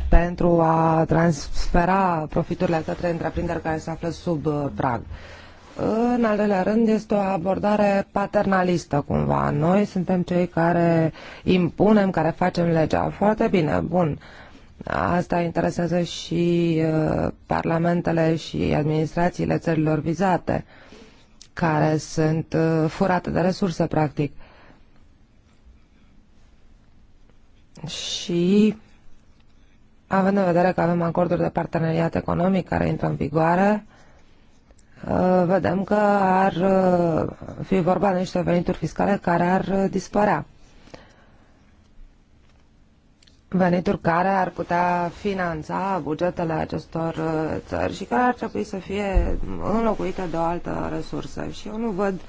pentru a transfera profiturile către întreprinderi care se află sub prag. Uh, în al doilea rând, este o abordare paternalistă cumva. Noi suntem cei care impunem, care facem legea. Foarte bine, bun. Asta interesează și uh, parlamentele și administrațiile țărilor vizate, care sunt uh, furate de resurse, practic. Și având în vedere că avem acorduri de parteneriat economic care intră în vigoare, Uh, vedem că ar uh, fi vorba de niște venituri fiscale care ar uh, dispărea. Venituri care ar putea finanța bugetele acestor țări și care ar trebui să fie înlocuite de o altă resursă. Și eu nu văd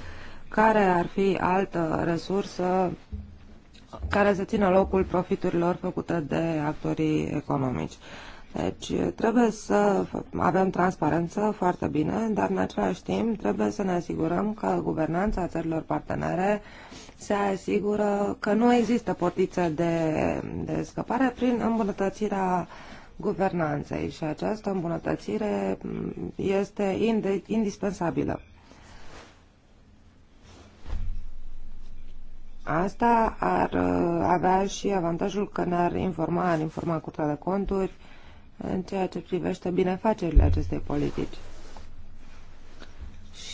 care ar fi altă resursă care să țină locul profiturilor făcute de actorii economici. Deci eh, trebuie să avem transparență foarte bine, dar în același timp trebuie să ne asigurăm că guvernanța țărilor partenere se asigură că nu există portiță de, de scăpare prin îmbunătățirea guvernanței și această îmbunătățire mm, este ind indispensabilă. Asta ar eh, avea și avantajul că ne-ar informa, ar informa Curtea de Conturi, în ceea ce privește binefacerile acestei politici.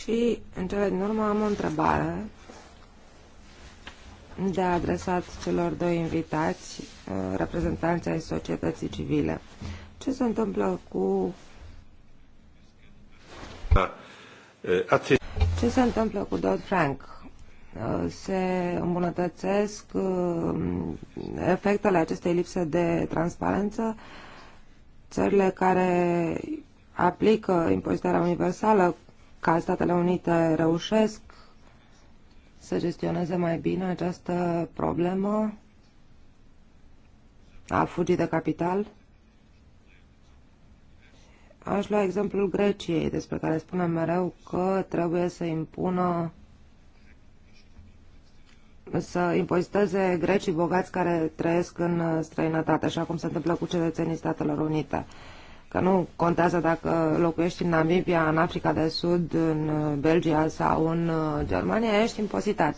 Și, în cele din urmă, am o întrebare de adresat celor doi invitați, uh, reprezentanții ai societății civile. Ce se întâmplă cu... Ce se întâmplă cu Dodd-Frank? Uh, se îmbunătățesc uh, efectele acestei lipse de transparență țările care aplică impozitarea universală, ca Statele Unite, reușesc să gestioneze mai bine această problemă a fugii de capital? Aș lua exemplul Greciei, despre care spunem mereu că trebuie să impună să impoziteze grecii bogați care trăiesc în uh, străinătate, așa cum se întâmplă cu cetățenii Statelor Unite. Că nu contează dacă locuiești în Namibia, în Africa de Sud, în uh, Belgia sau în uh, Germania, ești impozitat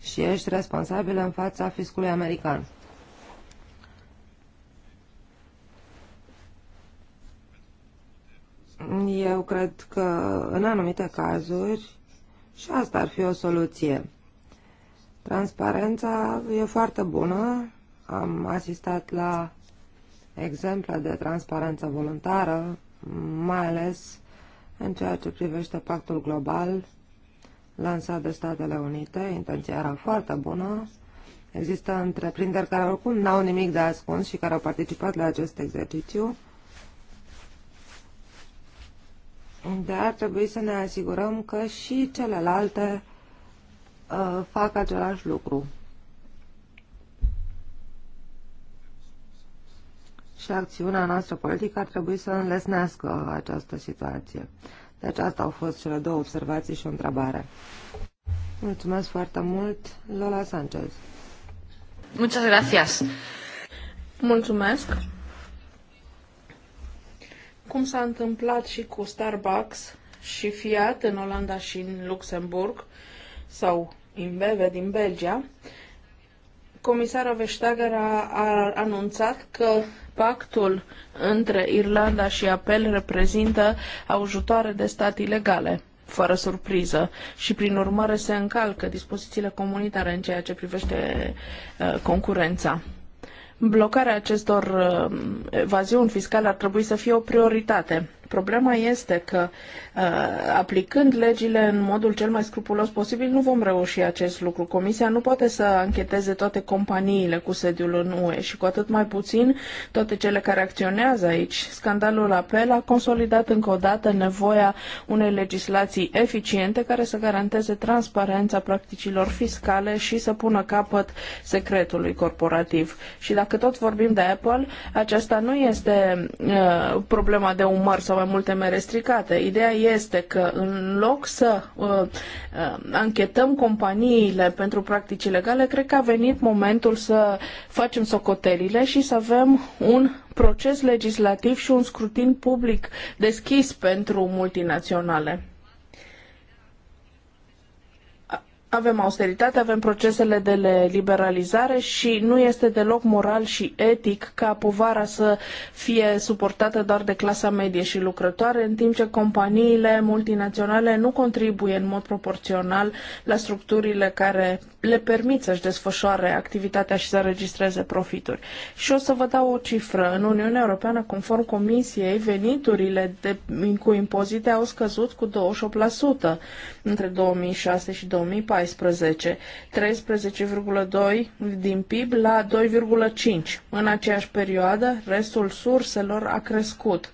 și ești responsabil în fața fiscului american. Eu cred că în anumite cazuri și asta ar fi o soluție Transparența e foarte bună. Am asistat la exemple de transparență voluntară, mai ales în ceea ce privește pactul global lansat de Statele Unite. Intenția era foarte bună. Există întreprinderi care oricum n-au nimic de ascuns și care au participat la acest exercițiu. Dar trebuie să ne asigurăm că și celelalte Uh, fac același lucru. Și acțiunea noastră politică ar trebui să înlesnească această situație. Deci asta au fost cele două observații și o întrebare. Mulțumesc foarte mult, Lola Sanchez. Muchas gracias. Mulțumesc. Cum s-a întâmplat și cu Starbucks și Fiat în Olanda și în Luxemburg, sau Imbeve din Belgia, comisara Vestager a, a anunțat că pactul între Irlanda și Apel reprezintă ajutoare de stat ilegale fără surpriză și prin urmare se încalcă dispozițiile comunitare în ceea ce privește uh, concurența. Blocarea acestor uh, evaziuni fiscale ar trebui să fie o prioritate Problema este că uh, aplicând legile în modul cel mai scrupulos posibil nu vom reuși acest lucru. Comisia nu poate să ancheteze toate companiile cu sediul în UE și cu atât mai puțin toate cele care acționează aici. Scandalul Apel a consolidat încă o dată nevoia unei legislații eficiente care să garanteze transparența practicilor fiscale și să pună capăt secretului corporativ. Și dacă tot vorbim de Apple, aceasta nu este uh, problema de umăr sau multe mere stricate. Ideea este că în loc să uh, uh anchetăm companiile pentru practici legale, cred că a venit momentul să facem socotelile și să avem un proces legislativ și un scrutin public deschis pentru multinaționale. Avem austeritate, avem procesele de liberalizare și nu este deloc moral și etic ca povara să fie suportată doar de clasa medie și lucrătoare, în timp ce companiile multinaționale nu contribuie în mod proporțional la structurile care le permit să-și desfășoare activitatea și să registreze profituri. Și o să vă dau o cifră. În Uniunea Europeană, conform Comisiei, veniturile de, cu impozite au scăzut cu 28% între 2006 și 2014. 2014, 13,2 din PIB la 2,5. În aceeași perioadă, restul surselor a crescut,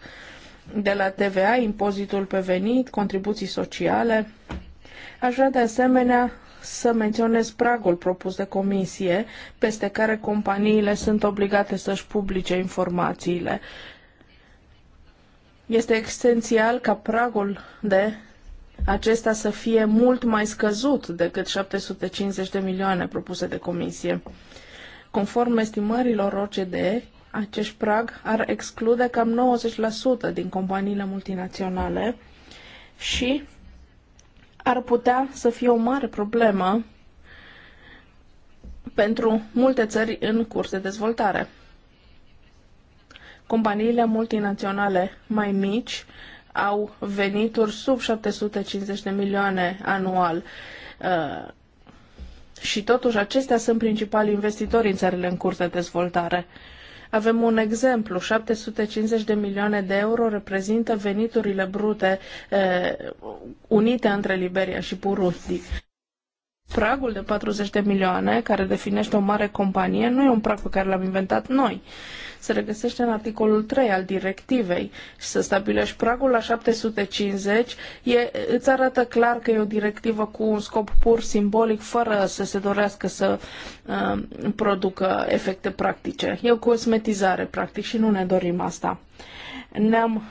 de la TVA, impozitul pe venit, contribuții sociale. Aș vrea de asemenea să menționez pragul propus de comisie, peste care companiile sunt obligate să-și publice informațiile. Este esențial ca pragul de acesta să fie mult mai scăzut decât 750 de milioane propuse de comisie. Conform estimărilor OCDE, acest prag ar exclude cam 90% din companiile multinaționale și ar putea să fie o mare problemă pentru multe țări în curs de dezvoltare. Companiile multinaționale mai mici au venituri sub 750 de milioane anual. Uh, și totuși acestea sunt principalii investitori în țările în curs de dezvoltare. Avem un exemplu, 750 de milioane de euro reprezintă veniturile brute uh, unite între Liberia și Burundi. Pragul de 40 de milioane, care definește o mare companie, nu e un prag pe care l-am inventat noi. Se regăsește în articolul 3 al directivei și să stabilești pragul la 750 e, îți arată clar că e o directivă cu un scop pur simbolic, fără să se dorească să uh, producă efecte practice. E o cosmetizare, practic, și nu ne dorim asta. Ne-am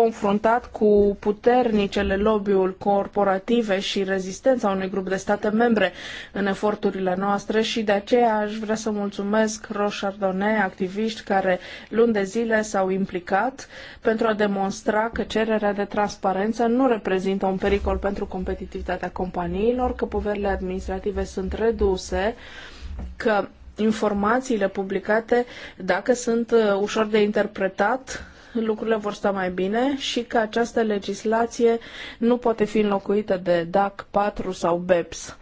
confruntat cu puternicele lobby-ul corporative și rezistența unui grup de state membre în eforturile noastre și de aceea aș vrea să mulțumesc Roșardone, activiști care luni de zile s-au implicat pentru a demonstra că cererea de transparență nu reprezintă un pericol pentru competitivitatea companiilor, că poverile administrative sunt reduse, că informațiile publicate, dacă sunt uh, ușor de interpretat, lucrurile vor sta mai bine și că această legislație nu poate fi înlocuită de DAC 4 sau BEPS.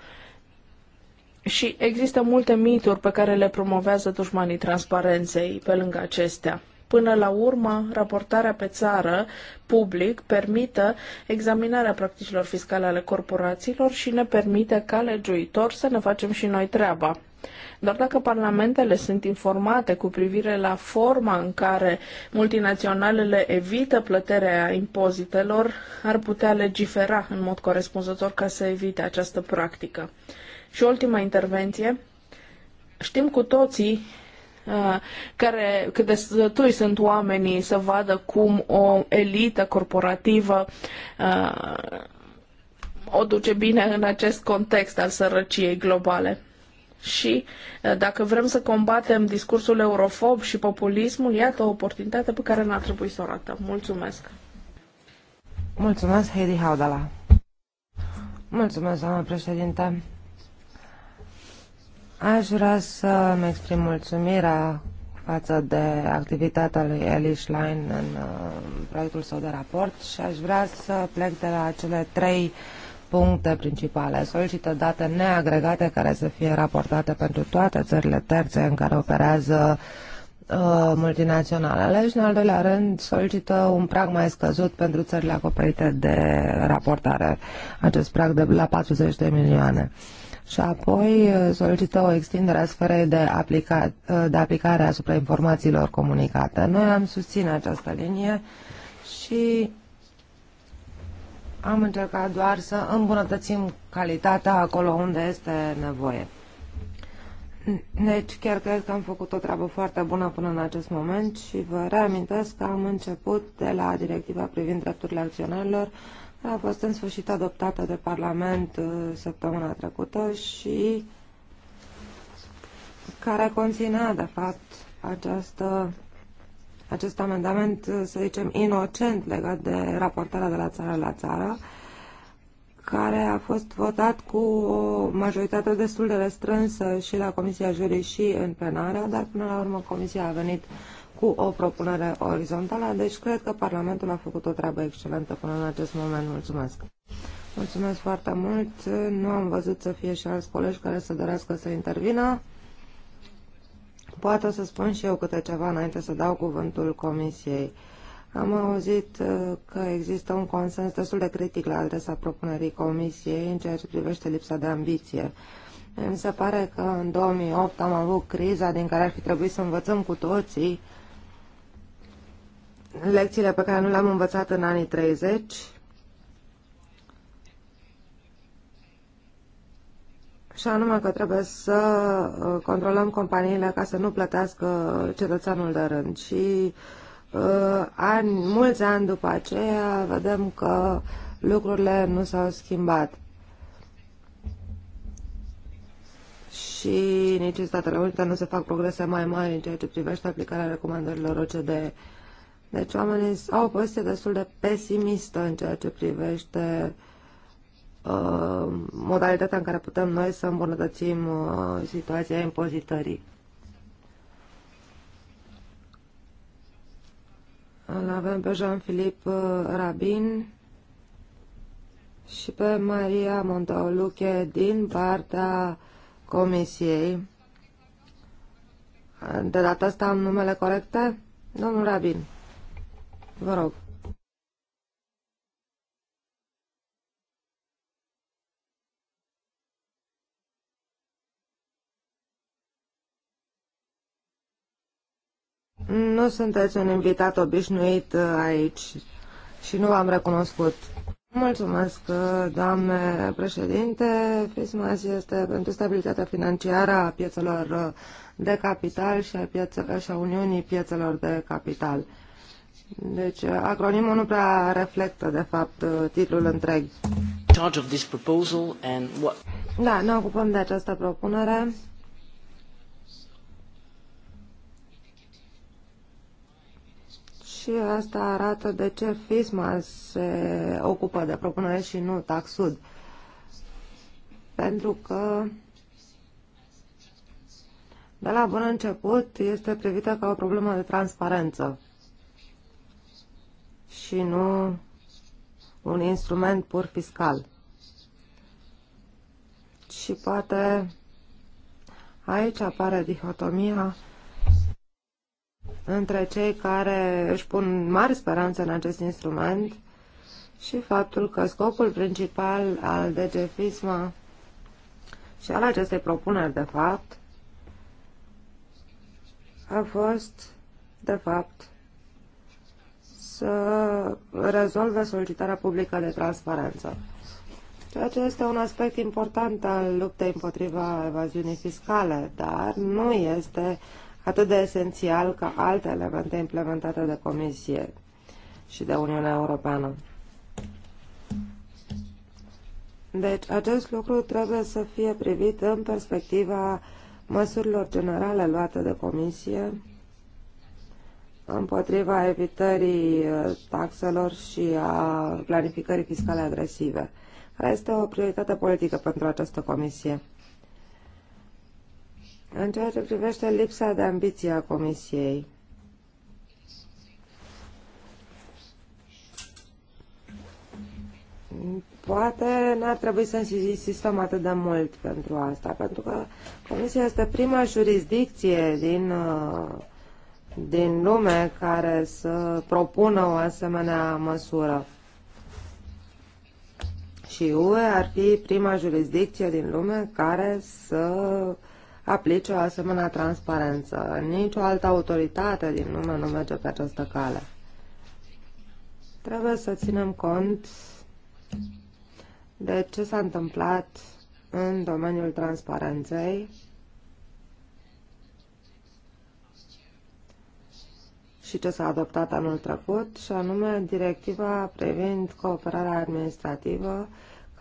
Și există multe mituri pe care le promovează dușmanii transparenței pe lângă acestea. Până la urmă, raportarea pe țară, public, permită examinarea practicilor fiscale ale corporațiilor și ne permite ca legiuitor să ne facem și noi treaba. Doar dacă parlamentele sunt informate cu privire la forma în care multinaționalele evită plăterea impozitelor, ar putea legifera în mod corespunzător ca să evite această practică. Și ultima intervenție. Știm cu toții uh, care cât de stătui sunt oamenii să vadă cum o elită corporativă uh, o duce bine în acest context al sărăciei globale și eh, dacă vrem să combatem discursul eurofob și populismul, iată o oportunitate pe care n-ar trebui să o ratăm. Mulțumesc! Mulțumesc, Heidi Haudala! Mulțumesc, doamnă președinte! Aș vrea să-mi exprim mulțumirea față de activitatea lui Eli Schlein în eh, proiectul său de raport și aș vrea să plec de la cele trei uh, puncte principale. Solicită date neagregate care să fie raportate pentru toate țările terțe în care operează uh, multinaționalele și, în al doilea rând, solicită un prag mai scăzut pentru țările acoperite de raportare, acest prag de la 40 de milioane și apoi uh, solicită o extindere a sferei de, aplica uh, de aplicare asupra informațiilor comunicate. Noi am susținut această linie și am încercat doar să îmbunătățim calitatea acolo unde este nevoie. Deci chiar cred că am făcut o treabă foarte bună până în acest moment și vă reamintesc că am început de la directiva privind drepturile acționarilor, care a fost în sfârșit adoptată de Parlament uh, săptămâna trecută și care conținea, de fapt, această acest amendament, uh, să zicem, inocent legat de raportarea de la țară la țară, care a fost votat cu o majoritate destul de restrânsă și la Comisia Jurii și în plenară, dar până la urmă Comisia a venit cu o propunere orizontală, deci cred că Parlamentul a făcut o treabă excelentă până în acest moment. Mulțumesc! Mulțumesc foarte mult! Nu am văzut să fie și alți colegi care să dorească să intervină. Poate o să spun și eu câte ceva înainte să dau cuvântul Comisiei. Am auzit uh, că există un consens destul de critic la adresa propunerii Comisiei în ceea ce privește lipsa de ambiție. Mi se pare că în 2008 am avut criza din care ar fi trebuit să învățăm cu toții lecțiile pe care nu le-am învățat în anii 30 și anume că trebuie să uh, controlăm companiile ca să nu plătească cetățeanul de rând. Și uh, ani, mulți ani după aceea vedem că lucrurile nu s-au schimbat. Și nici în Statele Unite nu se fac progrese mai mari în ceea ce privește aplicarea recomandărilor OCDE. Deci oamenii au o poziție destul de pesimistă în ceea ce privește uh, Uh, modalitatea în care putem noi să îmbunătățim uh, situația impozitării. Îl avem pe Jean-Philippe uh, Rabin și pe Maria Montaoluche din partea Comisiei. De data asta am numele corecte? Domnul Rabin, vă rog. Nu sunteți un invitat obișnuit uh, aici și nu v-am recunoscut. Mulțumesc, uh, doamne președinte. FISMAS este pentru stabilitatea financiară a piețelor uh, de capital și a, piețe, și a Uniunii piețelor de capital. Deci, acronimul nu prea reflectă, de fapt, titlul întreg. Da, ne ocupăm de această propunere și asta arată de ce FISMA se ocupă de propunere și nu TAXUD. Pentru că de la bun început este privită ca o problemă de transparență și nu un instrument pur fiscal. Și poate aici apare dihotomia între cei care își pun mari speranțe în acest instrument și faptul că scopul principal al DGFISMA și al acestei propuneri, de fapt, a fost, de fapt, să rezolve solicitarea publică de transparență. Ceea ce este un aspect important al luptei împotriva evaziunii fiscale, dar nu este uh, atât de esențial ca alte elemente implementate de Comisie și de Uniunea Europeană. Deci, acest lucru trebuie să fie privit în perspectiva măsurilor generale luate de Comisie împotriva evitării uh, taxelor și a planificării fiscale agresive, care este o prioritate politică pentru această Comisie. În ceea ce privește lipsa de ambiție a Comisiei, poate n-ar trebui să insistăm atât de mult pentru asta, pentru că Comisia este prima jurisdicție din, uh, din lume care să propună o asemenea măsură. Și UE ar fi prima jurisdicție din lume care să aplice o asemenea transparență. Nici o altă autoritate din lume nu merge pe această cale. Trebuie să ținem cont de ce s-a întâmplat în domeniul transparenței și ce s-a adoptat anul trecut, și anume directiva privind cooperarea administrativă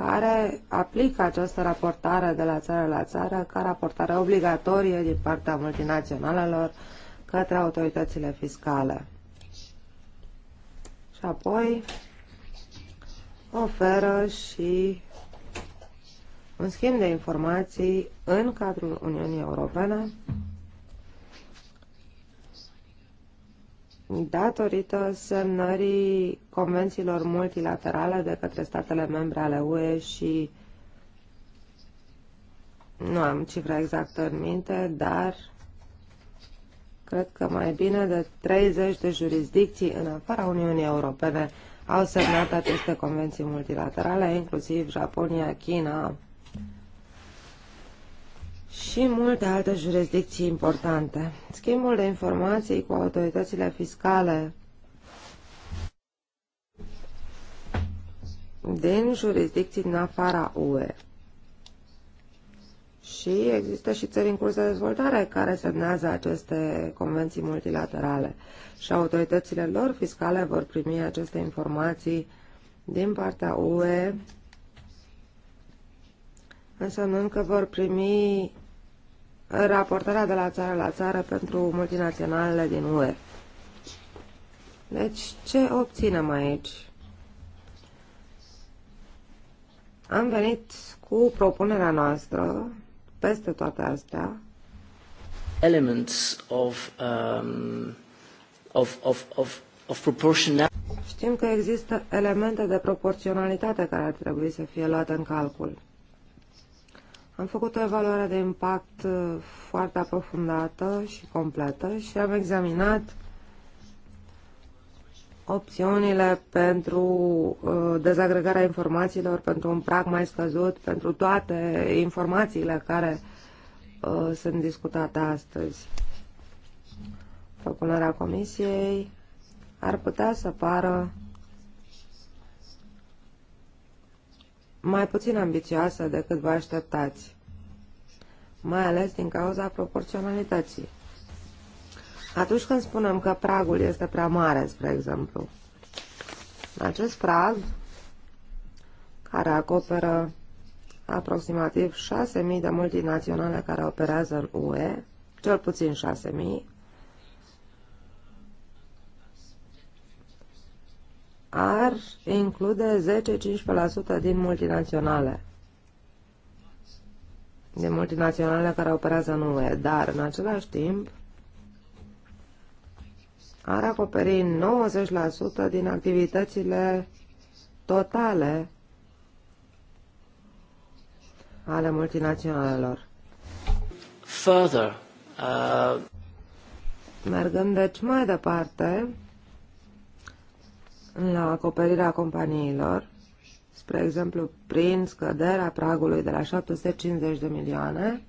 care aplică această raportare de la țară la țară ca raportare obligatorie din partea multinaționalelor către autoritățile fiscale. Și apoi oferă și un schimb de informații în cadrul Uniunii Europene datorită semnării convențiilor multilaterale de către statele membre ale UE și nu am cifra exactă în minte, dar cred că mai bine de 30 de jurisdicții în afara Uniunii Europene au semnat aceste convenții multilaterale, inclusiv Japonia, China, și multe alte jurisdicții importante. Schimbul de informații cu autoritățile fiscale din jurisdicții din afara UE. Și există și țări în curs de dezvoltare care semnează aceste convenții multilaterale și autoritățile lor fiscale vor primi aceste informații din partea UE, însemnând că vor primi raportarea de la țară la țară pentru multinaționalele din UE. Deci, ce obținem aici? Am venit cu propunerea noastră peste toate astea. Elements of, um, of, of, of, of proportionality. Știm că există elemente de proporționalitate care ar trebui să fie luate în calcul. Am făcut o evaluare de impact uh, foarte aprofundată și completă și am examinat opțiunile pentru uh, dezagregarea informațiilor, pentru un prag mai scăzut, pentru toate informațiile care uh, sunt discutate astăzi. Propunerea Comisiei ar putea să pară mai puțin ambițioasă decât vă așteptați, mai ales din cauza proporționalității. Atunci când spunem că pragul este prea mare, spre exemplu, acest prag, care acoperă aproximativ 6.000 de multinaționale care operează în UE, cel puțin ar include 10-15% din multinaționale. Din multinaționale care operează în UE, dar în același timp ar acoperi 90% din activitățile totale ale multinaționalelor. Further, uh... Mergând deci mai departe, la acoperirea companiilor, spre exemplu prin scăderea pragului de la 750 de milioane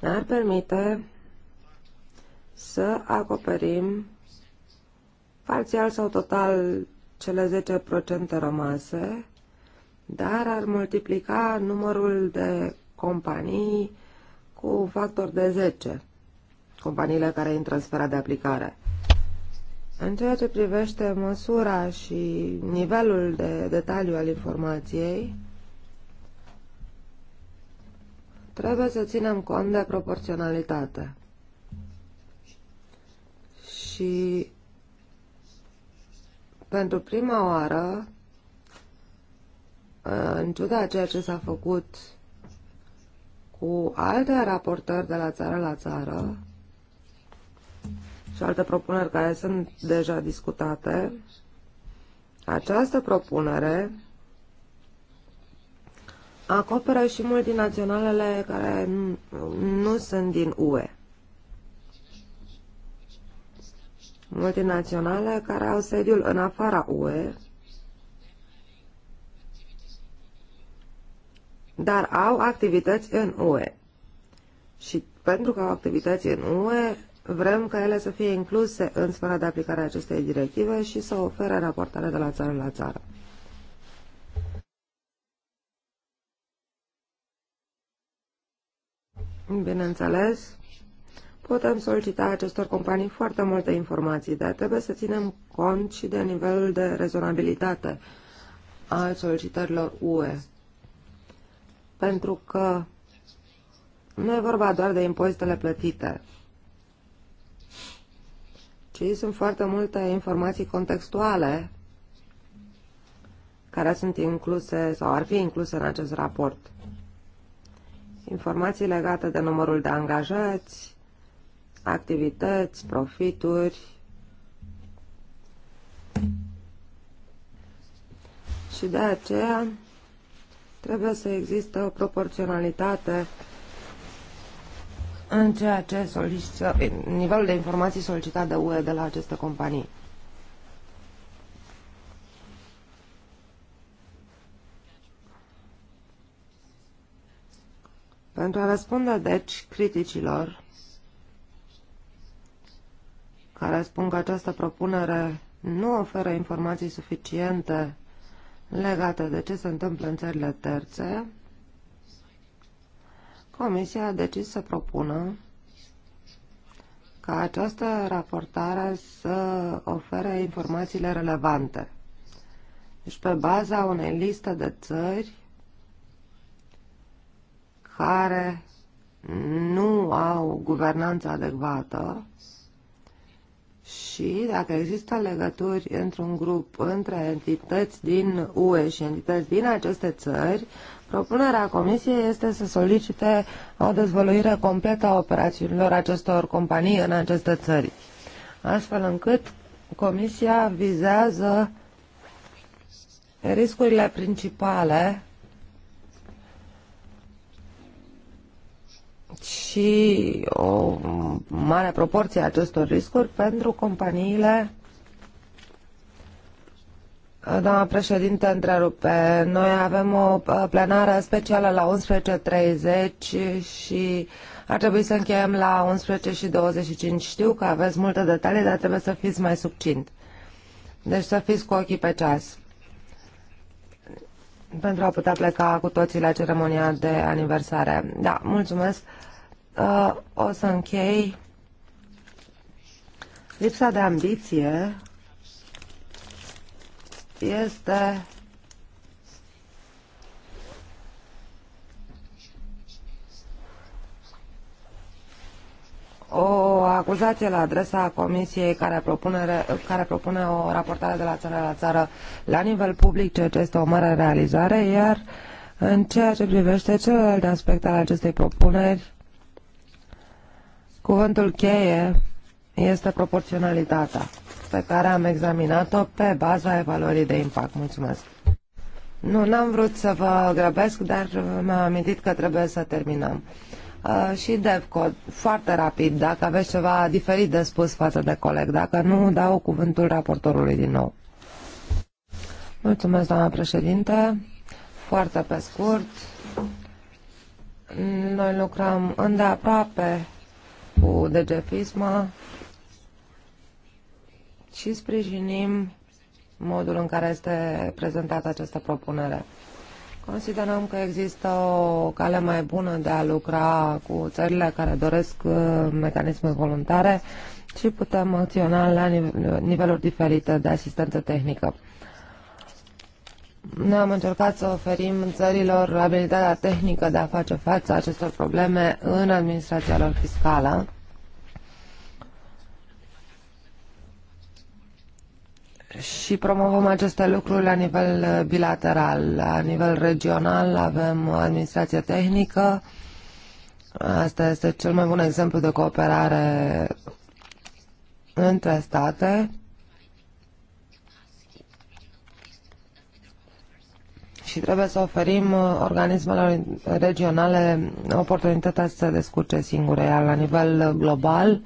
ne-ar permite să acoperim parțial sau total cele 10% rămase, dar ar multiplica numărul de companii cu un factor de 10 companiile care intră în sfera de aplicare. În ceea ce privește măsura și nivelul de detaliu al informației, trebuie să ținem cont de proporționalitate. Și pentru prima oară, în ciuda ceea ce s-a făcut cu alte raportări de la țară la țară, și alte propuneri care sunt deja discutate, această propunere acoperă și multinaționalele care nu sunt din UE. Multinaționale care au sediul în afara UE, dar au activități în UE. Și pentru că au activități în UE, Vrem ca ele să fie incluse în sfera de aplicare a acestei directive și să ofere raportare de la țară la țară. Bineînțeles, putem solicita acestor companii foarte multe informații, dar trebuie să ținem cont și de nivelul de rezonabilitate al solicitărilor UE. Pentru că nu e vorba doar de impozitele plătite ci sunt foarte multe informații contextuale care sunt incluse sau ar fi incluse în acest raport. Informații legate de numărul de angajați, activități, profituri și de aceea trebuie să existe o proporționalitate în ceea ce solicită, nivelul de informații solicitat de UE de la aceste companii. Pentru a răspunde, deci, criticilor care spun că această propunere nu oferă informații suficiente legate de ce se întâmplă în țările terțe, Comisia a decis să propună ca această raportare să ofere informațiile relevante. Deci pe baza unei liste de țări care nu au guvernanță adecvată și dacă există legături într-un grup între entități din UE și entități din aceste țări, Propunerea Comisiei este să solicite o dezvăluire completă a operațiunilor acestor companii în aceste țări, astfel încât Comisia vizează riscurile principale și o mare proporție a acestor riscuri pentru companiile Doamna președinte, întrerupe. Noi avem o uh, plenară specială la 11.30 și ar trebui să încheiem la 11.25. Știu că aveți multe detalii, dar trebuie să fiți mai subțint. Deci să fiți cu ochii pe ceas pentru a putea pleca cu toții la ceremonia de aniversare. Da, mulțumesc. Uh, o să închei. Lipsa de ambiție este o acuzație la adresa Comisiei care propune, care propune o raportare de la țară la țară la nivel public, ceea ce este o mare realizare, iar în ceea ce privește celelalte aspecte ale acestei propuneri, cuvântul cheie este proporționalitatea pe care am examinat-o pe baza evaluării de impact. Mulțumesc! Nu, n-am vrut să vă grăbesc, dar mi-am amintit că trebuie să terminăm. Uh, și DevCo, foarte rapid, dacă aveți ceva diferit de spus față de coleg, dacă nu, dau cuvântul raportorului din nou. Mulțumesc, doamna președinte. Foarte pe scurt, noi lucrăm îndeaproape cu DGFISMA, și sprijinim modul în care este prezentată această propunere. Considerăm că există o cale mai bună de a lucra cu țările care doresc uh, mecanisme voluntare și putem acționa la niveluri diferite de asistență tehnică. Ne-am încercat să oferim țărilor abilitatea tehnică de a face față acestor probleme în administrația lor fiscală și promovăm aceste lucruri la nivel uh, bilateral. La nivel regional avem administrație tehnică. Asta este cel mai bun exemplu de cooperare între state. și trebuie să oferim uh, organismelor regionale oportunitatea să se descurce singure, iar la nivel uh, global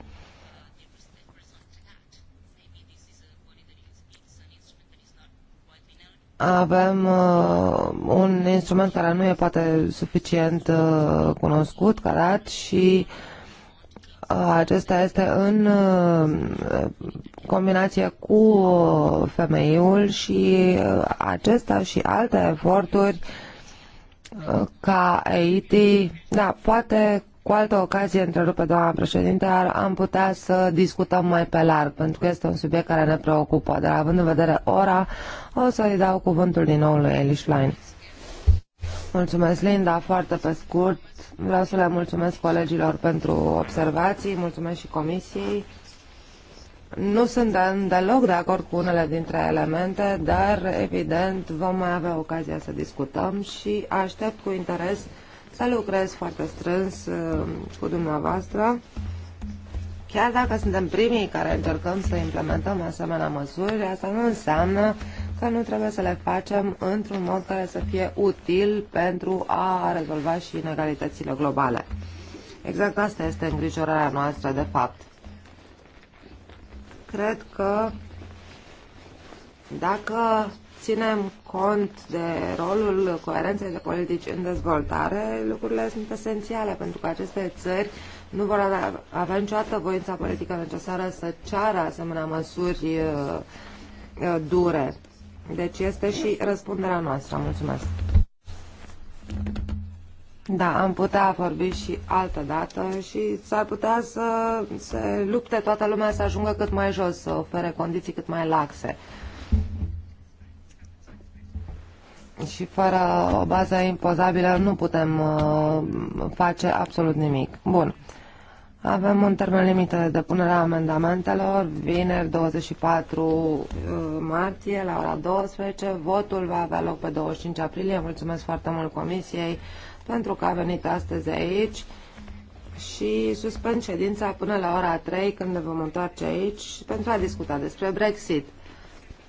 avem uh, un instrument care nu e poate suficient uh, cunoscut, carat și uh, acesta este în uh, combinație cu uh, femeiul și uh, acesta și alte eforturi uh, ca EIT, da, poate cu altă ocazie, întrerupe doamna președinte, am putea să discutăm mai pe larg, pentru că este un subiect care ne preocupă, dar având în vedere ora, o să-i dau cuvântul din nou lui Elish Line. Mulțumesc, Linda, foarte pe scurt. Vreau să le mulțumesc colegilor pentru observații, mulțumesc și comisiei. Nu sunt deloc de acord cu unele dintre elemente, dar evident vom mai avea ocazia să discutăm și aștept cu interes să lucrez foarte strâns uh, cu dumneavoastră. Chiar dacă suntem primii care încercăm să implementăm asemenea măsuri, asta nu înseamnă că nu trebuie să le facem într-un mod care să fie util pentru a rezolva și inegalitățile globale. Exact asta este îngrijorarea noastră, de fapt. Cred că dacă ținem cont de rolul coerenței de politici în dezvoltare, lucrurile sunt esențiale pentru că aceste țări nu vor avea niciodată voința politică necesară să ceară asemenea măsuri uh, uh, dure. Deci este și răspunderea noastră. Mulțumesc! Da, am putea vorbi și altă dată și s-ar putea să se lupte toată lumea să ajungă cât mai jos, să ofere condiții cât mai laxe. și fără o bază impozabilă nu putem uh, face absolut nimic. Bun. Avem un termen limită de depunere a amendamentelor, vineri 24 uh, martie la ora 12. Votul va avea loc pe 25 aprilie. Mulțumesc foarte mult Comisiei pentru că a venit astăzi aici și suspend ședința până la ora 3 când ne vom întoarce aici pentru a discuta despre Brexit.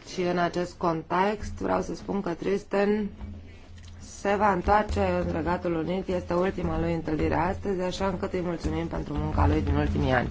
Și în acest context vreau să spun că Tristan se va întoarce în Regatul Unit. Este ultima lui întâlnire astăzi, așa încât îi mulțumim pentru munca lui din ultimii ani.